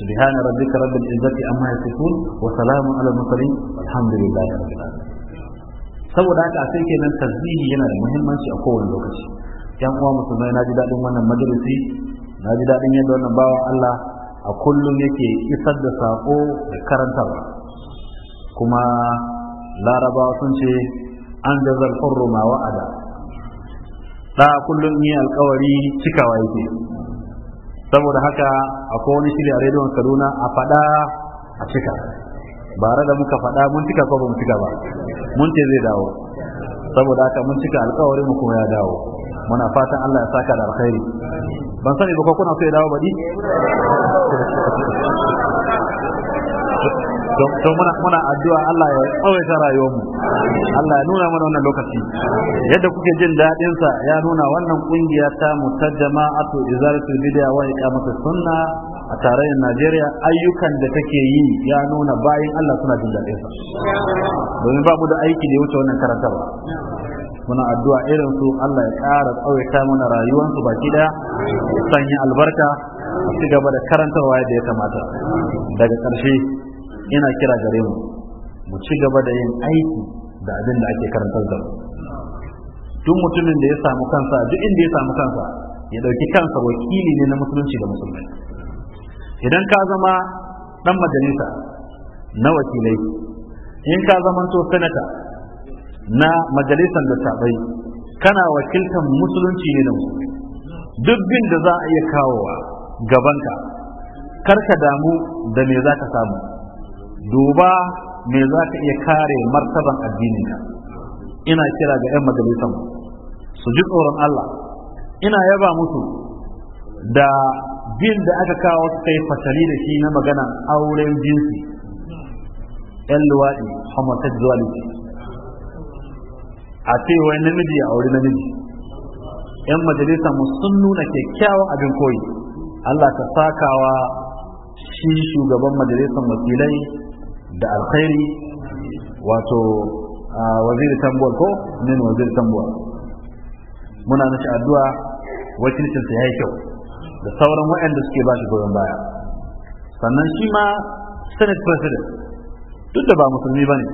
سبحان ربك رب العزة عما يصفون وسلام على المرسلين الحمد لله رب العالمين saboda haka sai kenan tasbihi yana da muhimmanci a kowane lokaci yan uwa musulmai na ji daɗin wannan majalisi na ji daɗin yadda wannan bawan Allah a kullum yake isar da saƙo da karantarwa kuma larabawa sun ce an jazar hurru ma wa'ada da kullum ni alkawari cikawa yake saboda haka akwai wani shirya a rediyon kaduna a faɗa a cika bare da muka faɗa mun cika ko ba mu cika ba mun ce zai dawo saboda haka mun cika alƙawarin mu kuma ya dawo muna fatan Allah ya saka da alkhairi ban sani ba ko kuna so ya dawo ba baɗi don muna addu'a Allah ya tsawaita rayuwarmu Allah ya nuna mana wannan lokaci yadda kuke jin daɗin sa ya nuna wannan kungiya ta mutajjama atu izaratul bidaya wa iqamatus sunna a tarayyar Najeriya ayyukan da take yi ya nuna bayan Allah suna jin daɗin sa domin ba mu da aiki da ya wuce wannan karantarwa muna addu'a irin su Allah ya ƙara tsawaita mana rayuwarsu baki daya sanya albarka ci gaba da karantarwa yadda ya kamata daga ƙarshe yana kira gare mu mu ci gaba da yin aiki da abin da ake karantar da mu duk mutumin da ya samu kansa duk inda ya samu kansa ya dauki kansa wakili ne na musulunci da musulmai idan ka zama dan majalisa na wakilai in ka zama to senator na majalisar da tabai kana wakiltar musulunci ne da musulmai duk bin da za a iya kawowa gabanka karka damu da me za ka samu duba me za ka iya kare martaban addininka ina kira ga 'yan majalisar su ji tsoron Allah ina yaba musu da bin da aka kawo su kai fasali da shi na magana auren jinsi 'yan luwaɗi homosexuality a ce namiji ya auri namiji 'yan majalisar mu sun nuna kyakkyawan abin koyi Allah ka sakawa shi shugaban majalisar wakilai da alkhairi wato waziri tambuwar ko min waziri tambuwar muna nashi addu'a wakilcinsa ya yi kyau da sauran waɗanda suke ba shi goyon baya sannan shi ma senate president duk da ba musulmi ba ne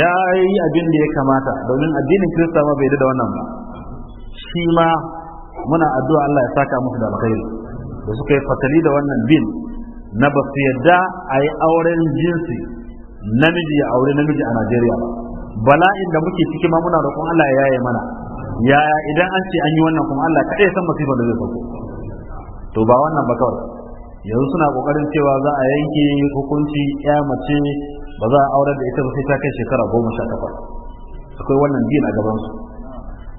ya yi abin da ya kamata domin addinin kirista ma bai da wannan ba shi ma muna addu'a Allah ya saka musu da alkhairi da suka yi fatali da wannan bin na ba su yadda a yi auren jinsi namiji ya aure namiji a Najeriya ba bala'in da muke ciki ma muna roƙon Allah ya yaye mana yaya idan an ce an yi wannan kuma Allah kaɗai san masifar da zai sauko to ba wannan ba kawai yanzu suna ƙoƙarin cewa za a yanke hukunci ya mace ba za a aurar da ita ba sai ta kai shekara goma sha takwas akwai wannan din a gabansu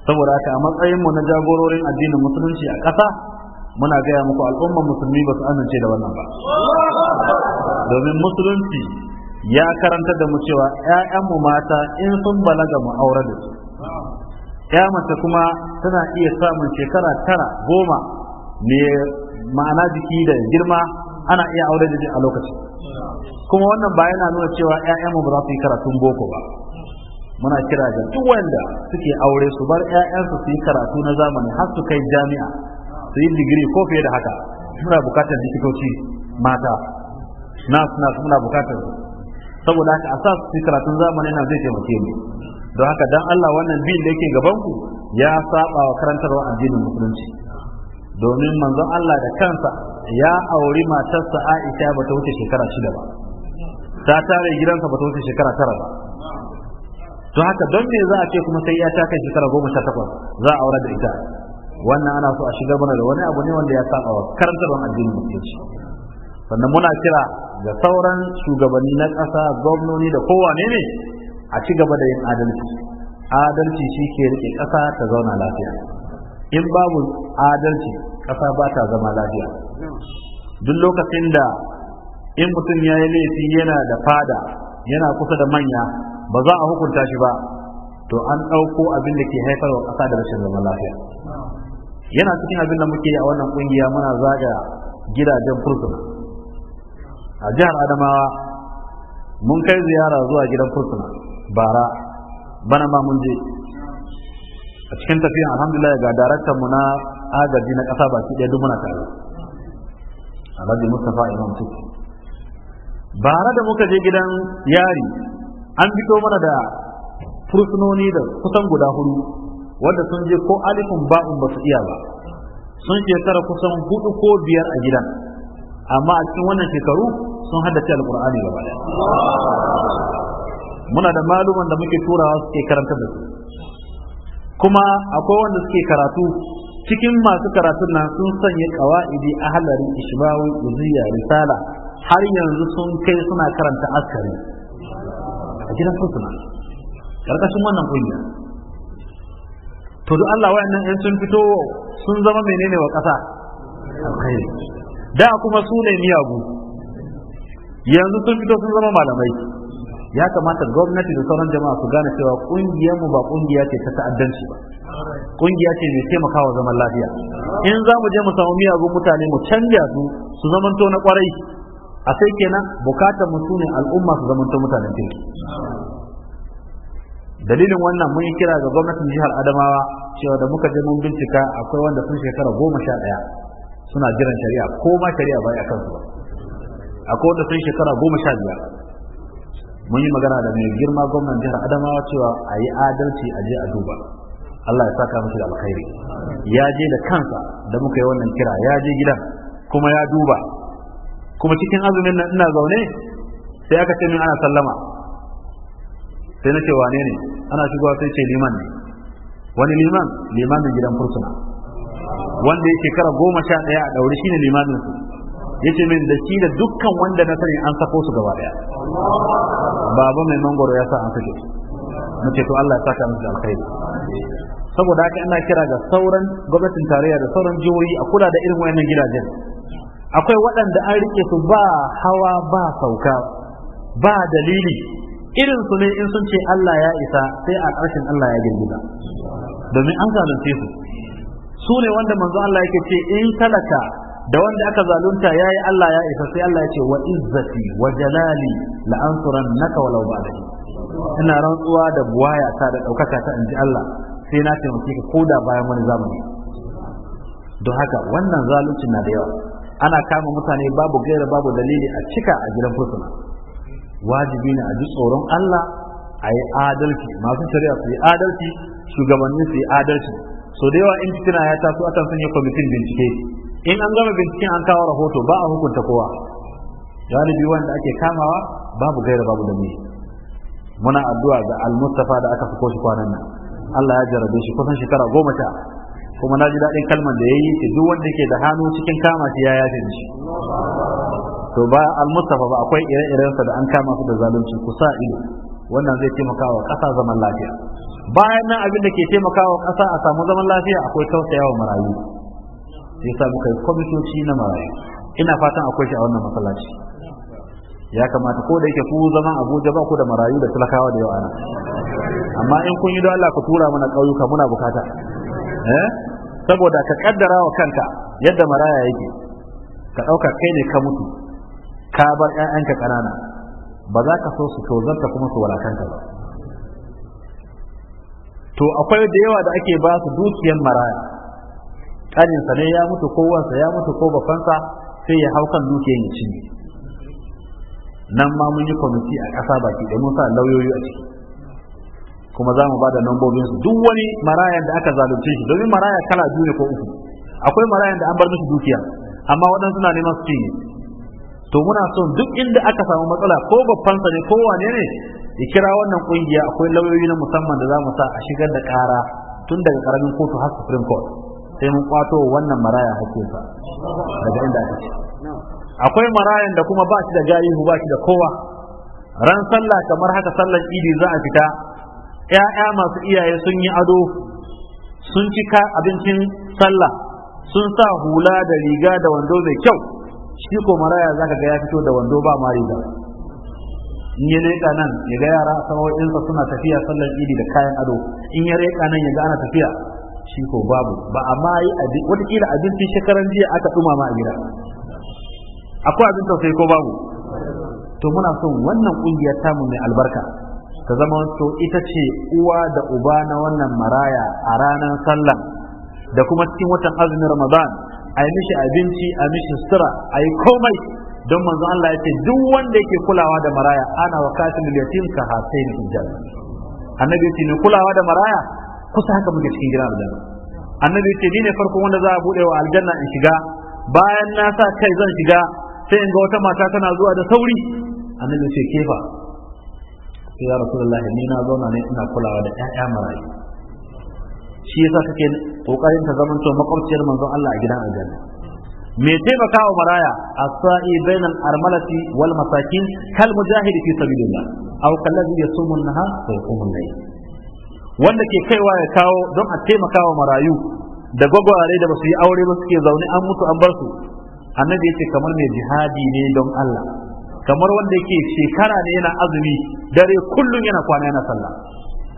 saboda haka a matsayinmu na jagororin addinin musulunci a ƙasa muna gaya muku al'ummar musulmi ba su amince da wannan ba domin musulunci ya karanta da mu cewa mu mata in sun balaga mu aure da su ‘ya mace kuma tana iya samun shekara tara goma mai ma'ana jiki da girma ana iya aure da a lokaci. kuma wannan ba yana nuna cewa ‘ya'yanmu ba za su yi karatun boko ba muna kira da duk wanda suke aure su bar ‘ya'yansu su yi karatu na zamani har su kai jami'a su yi digiri ko fiye da haka suna bukatar likitoci mata na suna suna bukatar saboda haka a sa su karatun zamani na zai taimake mu don haka dan Allah wannan bin da yake gaban ku ya saba wa karantarwa addinin musulunci domin manzon Allah da kansa ya auri matarsa Aisha bata wuce shekara shida ba ta tare gidansa bata wuce shekara tara ba to haka don me za a ce kuma sai ya taka shekara goma sha takwas za a aura da ita wannan ana so a shigar mana da wani abu ne wanda ya saba wa karantarwar addinin musulunci sannan muna kira ga sauran shugabanni na ƙasa gwamnoni da kowane ne a ci gaba da yin adalci adalci shi ke rike ƙasa ta zauna lafiya in babu adalci ƙasa ba ta zama lafiya duk lokacin da in mutum ya yi laifi yana da fada yana kusa da manya ba za a hukunta shi ba to an ɗauko abin da ke haifarwa ƙasa da rashin zaman lafiya yana cikin abin da muke a wannan kungiya muna zaga gidajen fursuna a jihar adamawa mun kai ziyara zuwa gidan fursuna bara bana ma mun je a cikin tafiyan alhamdulillah ga daraktan mu na agaji na ƙasa baki ɗaya duk muna tare alhaji mustapha imam tuki bara da muka je gidan yari an fito mana da fursunoni da kusan guda hudu wanda sun je ko alifin ba'un ba su iya ba sun shekara kusan hudu ko biyar a gidan amma a cikin wannan shekaru sun haddace alkur'ani gaba daya muna da maluman da muke turawa suke karanta da su kuma akwai wanda suke karatu cikin masu karatu na sun sanya kawa'idi ahlari ishbawi uziya risala har yanzu sun kai suna karanta askari a gidan suna karkashin wannan kungiya to duk Allah wayannan in sun fito sun zama menene wa ƙasa da kuma su ne miyagu yanzu sun fito sun zama malamai ya kamata gwamnati da sauran jama'a su gane cewa kungiyar mu ba kungiya ce ta ta'addanci ba kungiya ce mai taimakawa zaman lafiya in za mu je mu samu miyagun mutane mu canja su su zamanto na kwarai a sai kenan bukatar mu sune al'umma su zamanto mutanen kirki dalilin wannan mun yi kira ga gwamnatin jihar adamawa cewa da muka je mun bincika akwai wanda sun shekara goma sha ɗaya suna jiran shari'a ko ma shari'a bai akan su ba akwai wanda sun shekara goma sha biyar mun yi magana da mai girma gwamnan jihar adamawa cewa a yi adalci a je a duba Allah ya saka musu da alkhairi ya je da kansa da muka yi wannan kira ya je gidan kuma ya duba kuma cikin azumin nan ina zaune sai aka ce min ana sallama sai na ce wane ne ana shigowa sai ce liman ne wani liman limanin gidan fursuna wanda ya shekara goma sha ɗaya a ɗaure shine limanin su ya ce min da shi da dukkan wanda na sani an sako su gaba ɗaya baba mai mangoro ya sa an sake su ce to Allah ya saka musu alkhairi saboda haka ana kira ga sauran gwamnatin tarayya da sauran jihohi a kula da irin wayannan gidajen akwai waɗanda an rike su ba hawa ba sauka ba dalili irin su ne in sun ce Allah ya isa sai a ƙarshen Allah ya girgiza domin an zalunce su su ne wanda manzo Allah yake ce in talaka da wanda aka zalunta yayi Allah ya isa sai Allah ya ce wa izzati wa jalali la ansurannaka walau ba'da ina rantsuwa da buwaya ta da daukaka ta ji Allah sai na taimake ka koda bayan wani zamani don haka wannan zalunci na da yawa ana kama mutane babu gaira babu dalili a cika a gidan fursuna wajibi ne a ji tsoron Allah a yi adalci masu shari'a su yi adalci shugabanni su yi adalci so da yawa in fitina ya taso akan sanya kwamitin bincike in an gama binciken an kawo rahoto ba a hukunta kowa galibi wanda ake kamawa babu gaira babu da ne muna addu'a ga al-mustafa da aka fi shi kwanan nan Allah ya jarabe shi kusan shekara goma ta, kuma na ji daɗin kalmar da ya yi duk wanda yake da hannu cikin kama shi ya yafe shi to ba al-mustafa ba akwai ire iren sa da an kama su da zalunci ku sa ido wannan zai taimaka wa ƙasa zaman lafiya bayan nan abin da ke taimaka wa ƙasa a samu zaman lafiya akwai tausayawa marayu sai sa muka yi kwamitoci na marayu ina fatan akwai shi a wannan masallaci ya kamata ko da yake ku zaman Abuja ba ku da marayu da talakawa da yau ana amma in kun yi don Allah ku tura mana ƙauyuka muna bukata eh saboda ka kaddara wa kanka yadda maraya yake ka ɗauka kai ne ka mutu ka bar ƴaƴanka ƙanana ba za ka so su tozarta kuma su walakanta ba to akwai da yawa da ake ba su dukiyar maraya ƙaninsa ne ya mutu ko wansa ya mutu ko bafansa sai ya hau kan dukiyar ya cinye nan ma mun yi kwamiti a ƙasa baki da mun sa lauyoyi a ciki kuma za mu ba da lambobinsu duk wani marayan da aka zalunce shi domin maraya kala biyu ne ko uku akwai marayan da an bar musu dukiya amma waɗansu na neman su cinye to muna so duk inda aka samu matsala ko sa ne ko wane ne ya kira wannan kungiya akwai lauyoyi na musamman da za mu sa a shigar da kara tun daga karamin kotu har supreme court sai mun kwato wannan maraya sa daga inda aka ce akwai marayan da kuma ba shi da galihu ba shi da kowa ran sallah kamar haka sallan idi za a fita ‘ya'ya masu iyaye sun yi ado sun cika abincin sallah sun sa hula da riga da wando mai kyau shi ko maraya zaka ga ya fito da wando ba ma riga in ya leƙa nan ya ga yara sahohinsa suna tafiya sallar idi da kayan ado in ya reka nan ya ga ana tafiya shi ko babu ba a ma yi watakila abinci shekaran jiya aka dumama a gida akwai abin tausayi ko babu to muna son wannan ƙungiyar tamu mai albarka ta zama to ita ce uwa da uba na wannan maraya a ranar sallah da kuma cikin watan azumin ramadan a yi mishi abinci a mishi sutura a yi komai don manzon Allah ya ce duk wanda yake kulawa da maraya ana wa katilul yatim ka hasain hijjal annabi ce ne kulawa da maraya kusa haka muke cikin gidan aljanna annabi ce ni ne farko wanda za a bude wa aljanna in shiga bayan na sa kai zan shiga sai in ga wata mata tana zuwa da sauri annabi ce kefa sai ya rasulullahi ni na zauna ne ina kulawa da ƴaƴa marayu shi yasa kake kokarin ka zaman to makwabciyar manzon Allah a gidan aljanna me taimaka wa maraya as-sa'i bainal armalati wal masakin kal mujahidi fi sabilillah aw kal ladhi yasumu an wa yaqumu layl wanda ke kaiwa ya kawo don a taimaka wa marayu da gwagware da basu yi aure ba suke zaune an mutu an bar su annabi yace kamar mai jihadi ne don Allah kamar wanda yake shekara ne yana azumi dare kullum yana kwana yana sallah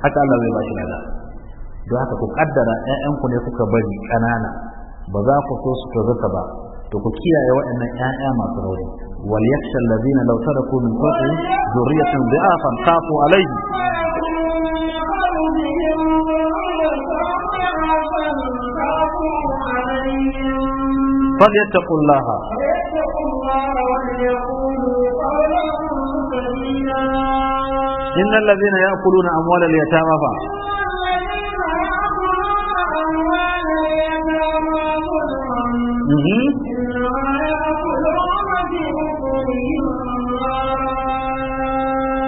haka Allah bai ba shi don haka ku kaddara ƴaƴanku ne kuka bari kanana ba za ku so su tozata ba to ku kiyaye waɗannan ƴaƴa masu rauni wal yakhsha allazina law taraku min fawqihim dhurriyatan dha'afan khafu alayhi فليتقوا الله إن الذين يأكلون أموال اليتامى فهم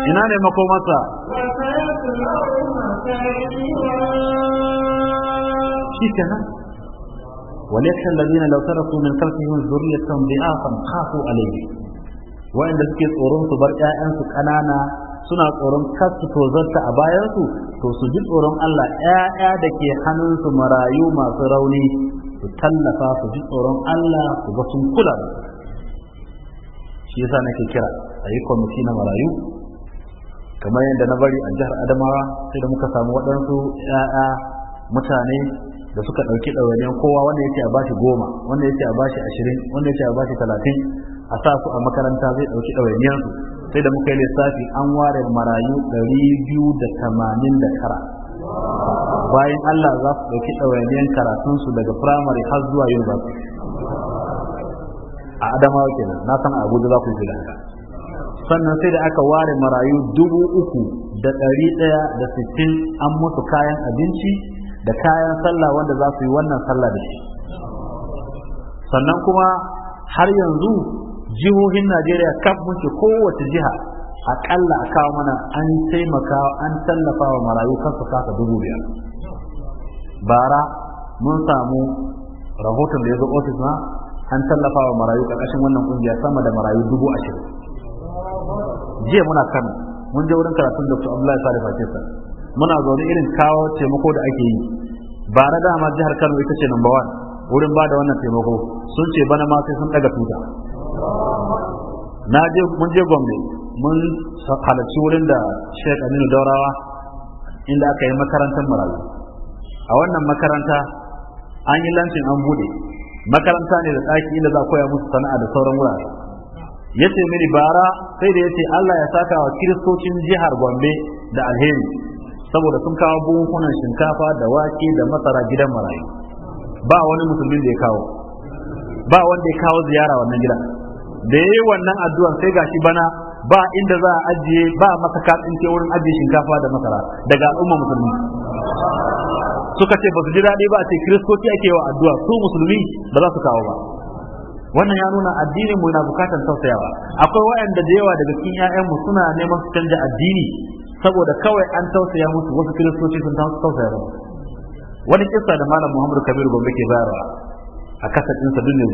ina ne makomarsa shi lalina kenan وليخشى الذين لو تركوا من خلفهم ذرية ضعافا خافوا عليه da suke tsoron su bar ƴaƴansu ƙanana suna tsoron kar su tozarta a bayansu to su ji tsoron Allah ƴaƴa da ke hannunsu marayu masu rauni ku tallafa ku ji tsoron Allah ku ga sun kula shi yasa nake kira a yi kwamiti na marayu kamar yadda na bari a jihar Adamawa sai da muka samu waɗansu ‘ya'ya mutane da suka ɗauki ɗawainiyar kowa wanda yake a bashi goma wanda yake a bashi ashirin wanda yake a bashi talatin a sa su a makaranta zai ɗauki ɗawainiyarsu sai da muka yi lissafi an ware marayu ɗari biyu da tamanin da tara bayan Allah za su ɗauki karatun su daga firamare har zuwa university a adamawa kenan na san abuja za ku yi sannan sai da aka ware marayu dubu uku da ɗari ɗaya da sittin an musu kayan abinci da kayan sallah wanda za su yi wannan sallah da shi sannan kuma har yanzu jihohin najeriya kaf muke kowace jiha aƙalla a kawo mana an taimaka an tallafa marayu kan su kasa dubu biyar bara mun samu rahoton da ya zo ofis na an tallafa wa marayu ƙarƙashin wannan ƙungiya sama da marayu dubu ashirin jiya muna kano mun je wurin karatun dr abdullahi salih muna zaune irin kawo taimako da ake yi ba na dama jihar kano ita ce number one wurin ba da wannan taimako sun ce bana ma sai sun daga tuta na je mun je gombe mun halarci wurin da shekaru aminu daurawa inda aka yi makarantar marayu a wannan makaranta an yi lancin an bude makaranta ne da tsaki inda za a koya musu sana'a da sauran wurare ya ce mini bara sai da ya ce Allah ya saka wa kiristocin jihar Gombe da alheri saboda sun kawo buhunan shinkafa da wake da masara gidan marayu ba wani musulmin da ya kawo ba wanda ya kawo ziyara wannan gida da ya yi wannan addu'ar sai gashi bana ba inda za a ajiye ba ɗin ke wurin ajiye shinkafa da masara daga al'umma musulmi suka ce ba su ji daɗi ba a ce kiristoci ake wa addu'a su musulmi ba za su kawo ba wannan ya nuna addinin mu na bukatar tausayawa akwai waɗanda da yawa daga cikin mu suna neman su canja addini saboda kawai an tausaya musu wasu kiristoci sun tausaya ba. wani kisa da malam Muhammadu Kabir Gombe ke bayarwa a kasa ɗinsa duk ne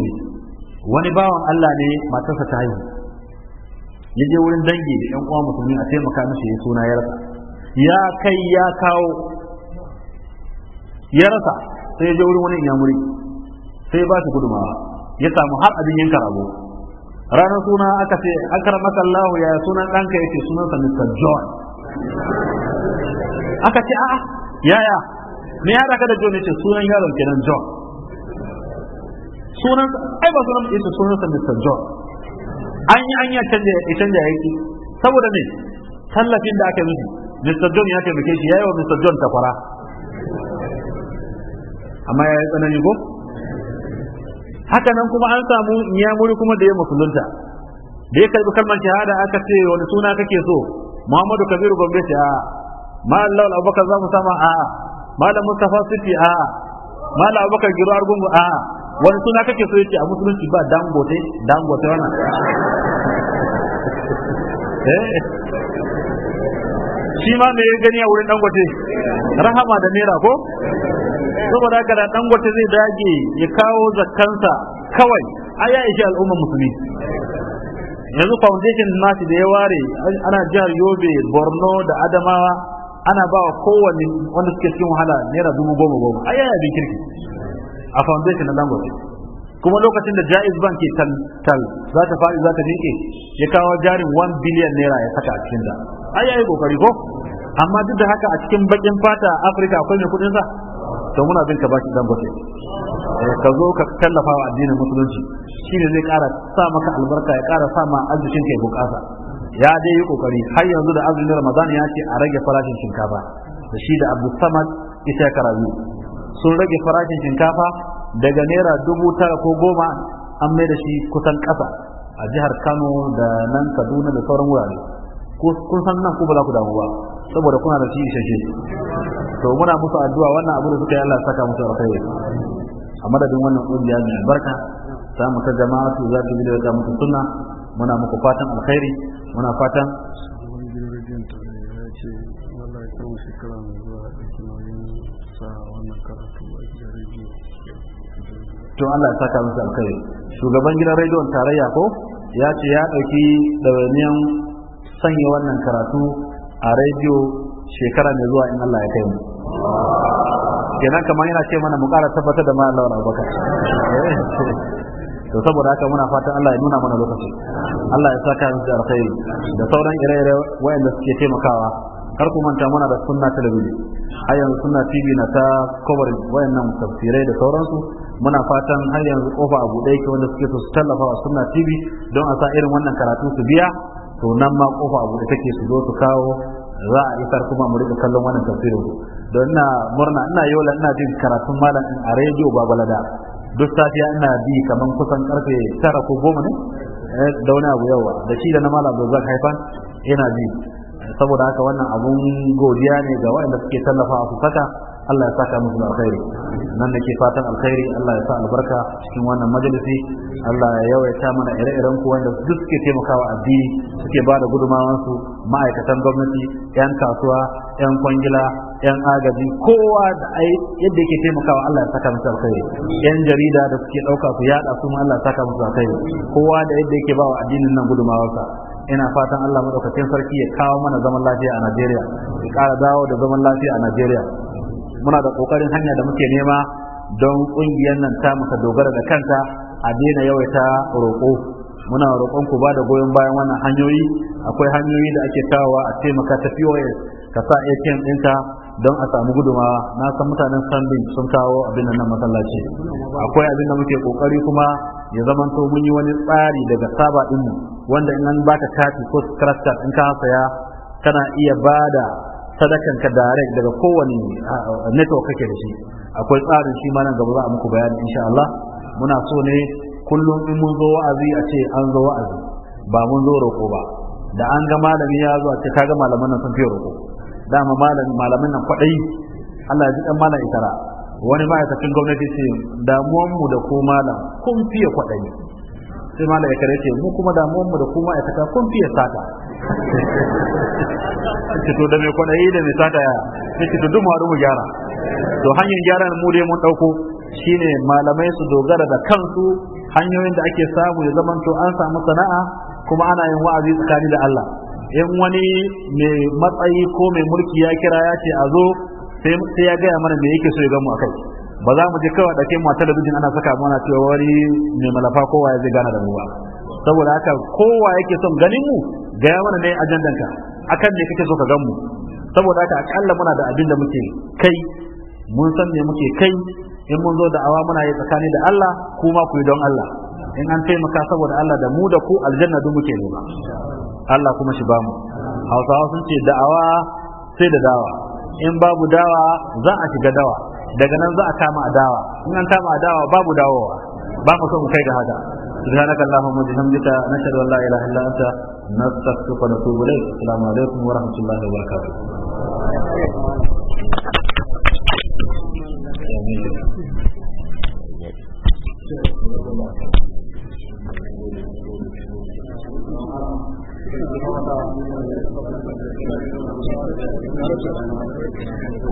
wani bawan Allah ne matarsa ta haihu ya je wurin dangi da ƴan uwa musulmi a taimaka mishi ya suna yarsa ya kai ya kawo ya rasa sai ya je wurin wani inyamuri sai ya ba shi gudumawa ya samu har abin yanka rago ranar suna aka ce akramaka Allah ya sunan ɗanka yake sunansa Mr. John aka ce a'a yaya me ya raka da John yace sunan yaron kenan John sunan ai ba sunan yace sunansa Mr. John an yi an yi canja ya canja yake saboda ne tallafin da aka yi Mr. John ya taimake shi yayi wa Mr. John takwara amma ya yi tsanani ko haka nan kuma an samu muri kuma da ya musulunta da ya karbi kalmar shahada aka ce wani suna kake so muhammadu kabiru gombe ce a malam lawal abubakar za mu sama a malam mustapha siti a malam abubakar giro argungu a wani suna kake so yace a musulunci ba dangote dangote wannan eh? shi ma me gani a wurin dangote rahama da nera ko saboda haka da dangote zai dage ya kawo zakkansa kawai ai ya ishi al'ummar musulmi yanzu foundation na shi da ya ware ana jihar yobe borno da adamawa ana ba wa kowanne wanda suke cikin wahala naira dubu goma goma ai ya bin kirki a foundation na dangote kuma lokacin da jaiz bank ke tal tal za ta fadi za ta dinke ya kawo jarin 1 billion naira ya saka a cikin da ai ya kokari ko amma duk da haka a cikin bakin fata Afirka akwai mai kudin sa to muna bin ka bashi dangote eh, ka zo ka tallafa wa addinin musulunci shine zai kara sa maka albarka ya kara sa ma arzikin ka ya bukasa ya dai yi kokari har yanzu da azumin ramadan ya ce a rage farashin shinkafa da shi da abdul samad ita karabi sun rage farashin shinkafa daga naira dubu tara ko goma an mai da shi kusan ƙasa a jihar kano da nan kaduna da sauran wurare kun san nan ku ba za ku damu ba saboda kuna da shi isasshe to muna musu addu'a wannan abu da suka yi Allah saka musu alkhairi a madadin wannan kungiya mai albarka ta mu ta jama'a su za ta bi da mutum sunna muna muku fatan alkhairi muna fatan shekara zuwa wannan karatu rediyo to Allah ya saka musu alkhairi shugaban gidan rediyon tarayya ko ya ce ya ɗauki ɗawainiyan sanya wannan karatu a rediyo shekara mai zuwa in Allah ya kai mu kenan kamar yana ce mana mu kara tabbatar da malam Lawan Abubakar eh, to saboda haka muna fatan Allah ya nuna mana lokaci Allah ya saka mu da alkhairi da sauran ire-ire wayanda suke taimakawa har ku manta muna da sunna talabijin har yanzu sunna tv na ta coverage wayannan tafsirai da sauransu muna fatan har yanzu kofa a buɗe ke wanda suke so su tallafa wa sunna tv don a sa irin wannan karatu su biya to nan ma kofa abu da take su zo su kawo za a isar kuma mu rika kallon wannan tafsirin don ina murna ina yola ina jin karatun malamin, a rediyo ba balada duk safiya ina bi kaman kusan karfe tara ko goma ne eh, da wani abu yawa da shi da na malam zan haifa ina bi saboda haka wannan abun godiya ne ga wanda suke tallafa su saka Allah ya saka musu da alkhairi nan da ke fatan alkhairi Allah ya sa albarka cikin wannan majalisi Allah ya yawaita mana ire-iren ku wanda duk suke taimakawa addini suke ba da ma'aikatan gwamnati yan kasuwa yan kwangila yan agaji kowa da ai yadda yake taimakawa Allah ya saka musu alkhairi yan jarida da suke ɗauka su yada su ma Allah ya saka musu alkhairi kowa da yadda yake bawa addinin nan gudumawarsa ina fatan Allah madaukakin sarki ya kawo mana zaman lafiya a Najeriya ya ƙara dawo da zaman lafiya a Najeriya muna da kokarin hanya da muke nema don kungiyar nan ta muka dogara da kanta a daina yawaita roƙo muna roƙon ku ba da goyon bayan wannan hanyoyi akwai hanyoyi da ake kawowa a taimaka ta POS ka sa ATM ɗinka don a samu gudumawa na san mutanen sanbin sun kawo abin nan masallaci akwai abin da muke kokari kuma ya to mun yi wani tsari daga saba dinmu wanda in an baka kati ko scratch card in ka saya kana iya bada sadakan ka direct daga kowane network kake da shi akwai tsarin shi ma nan gaba za a muku bayani insha Allah muna so ne kullum in mun zo wa'azi a ce an zo wa'azi ba mun zo roƙo ba da an ga malami ya zo a ce kaga malaman nan sun fi roƙo dama malami malamin nan kwaɗayi Allah ya ji dan malam itara wani ma'aikacin gwamnati ce damuwan mu da ko malam kun fiye kwaɗayi sai malam ya kare ce mu kuma damuwan mu da ko ma'aikata kun fiye sata to da mai kwaɗayi da mai sata ya duk mu mu gyara to hanyar gyaran mu dai mun ɗauko shine malamai su dogara da kansu hanyoyin da ake samu ya zamanto an samu sana'a kuma ana yin wa'azi tsakani da Allah in wani mai matsayi ko mai mulki ya kira ya ce a zo sai ya gaya mana me yake so ya gamu akai ba za mu je kawai da kai mu a talabijin ana saka mana cewa wani mai malafa kowa ya zai gana da mu ba saboda haka kowa yake son ganin mu ga ya mana ne ajandanka akan ne kake so ka gan mu saboda haka akalla muna da abin da muke kai mun san me muke kai in mun zo da awa muna yi tsakani da Allah kuma ku yi don Allah in an taimaka saboda Allah da mu da ku aljanna duk muke nema Allah kuma shi bamu Hausawa sun ce da'awa sai da dawa in babu dawa za a shiga dawa daga nan za a kama dawa, in an kama dawa babu dawowa ba mu son kai da haka سبحانك اللهم وبحمدك نشهد ان لا اله الا انت نستغفرك ونتوب اليك السلام عليكم ورحمه الله وبركاته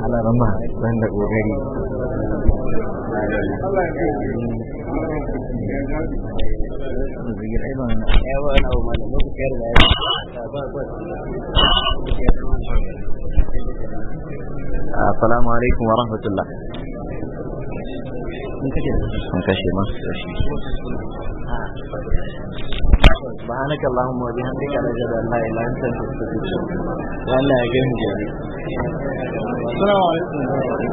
على رمى عندك وغيري السلام عليكم ورحمة الله سبحانك اللهم وبحمدك أشهد أن لا إله إلا أنت أستغفرك وأنا أجمع السلام عليكم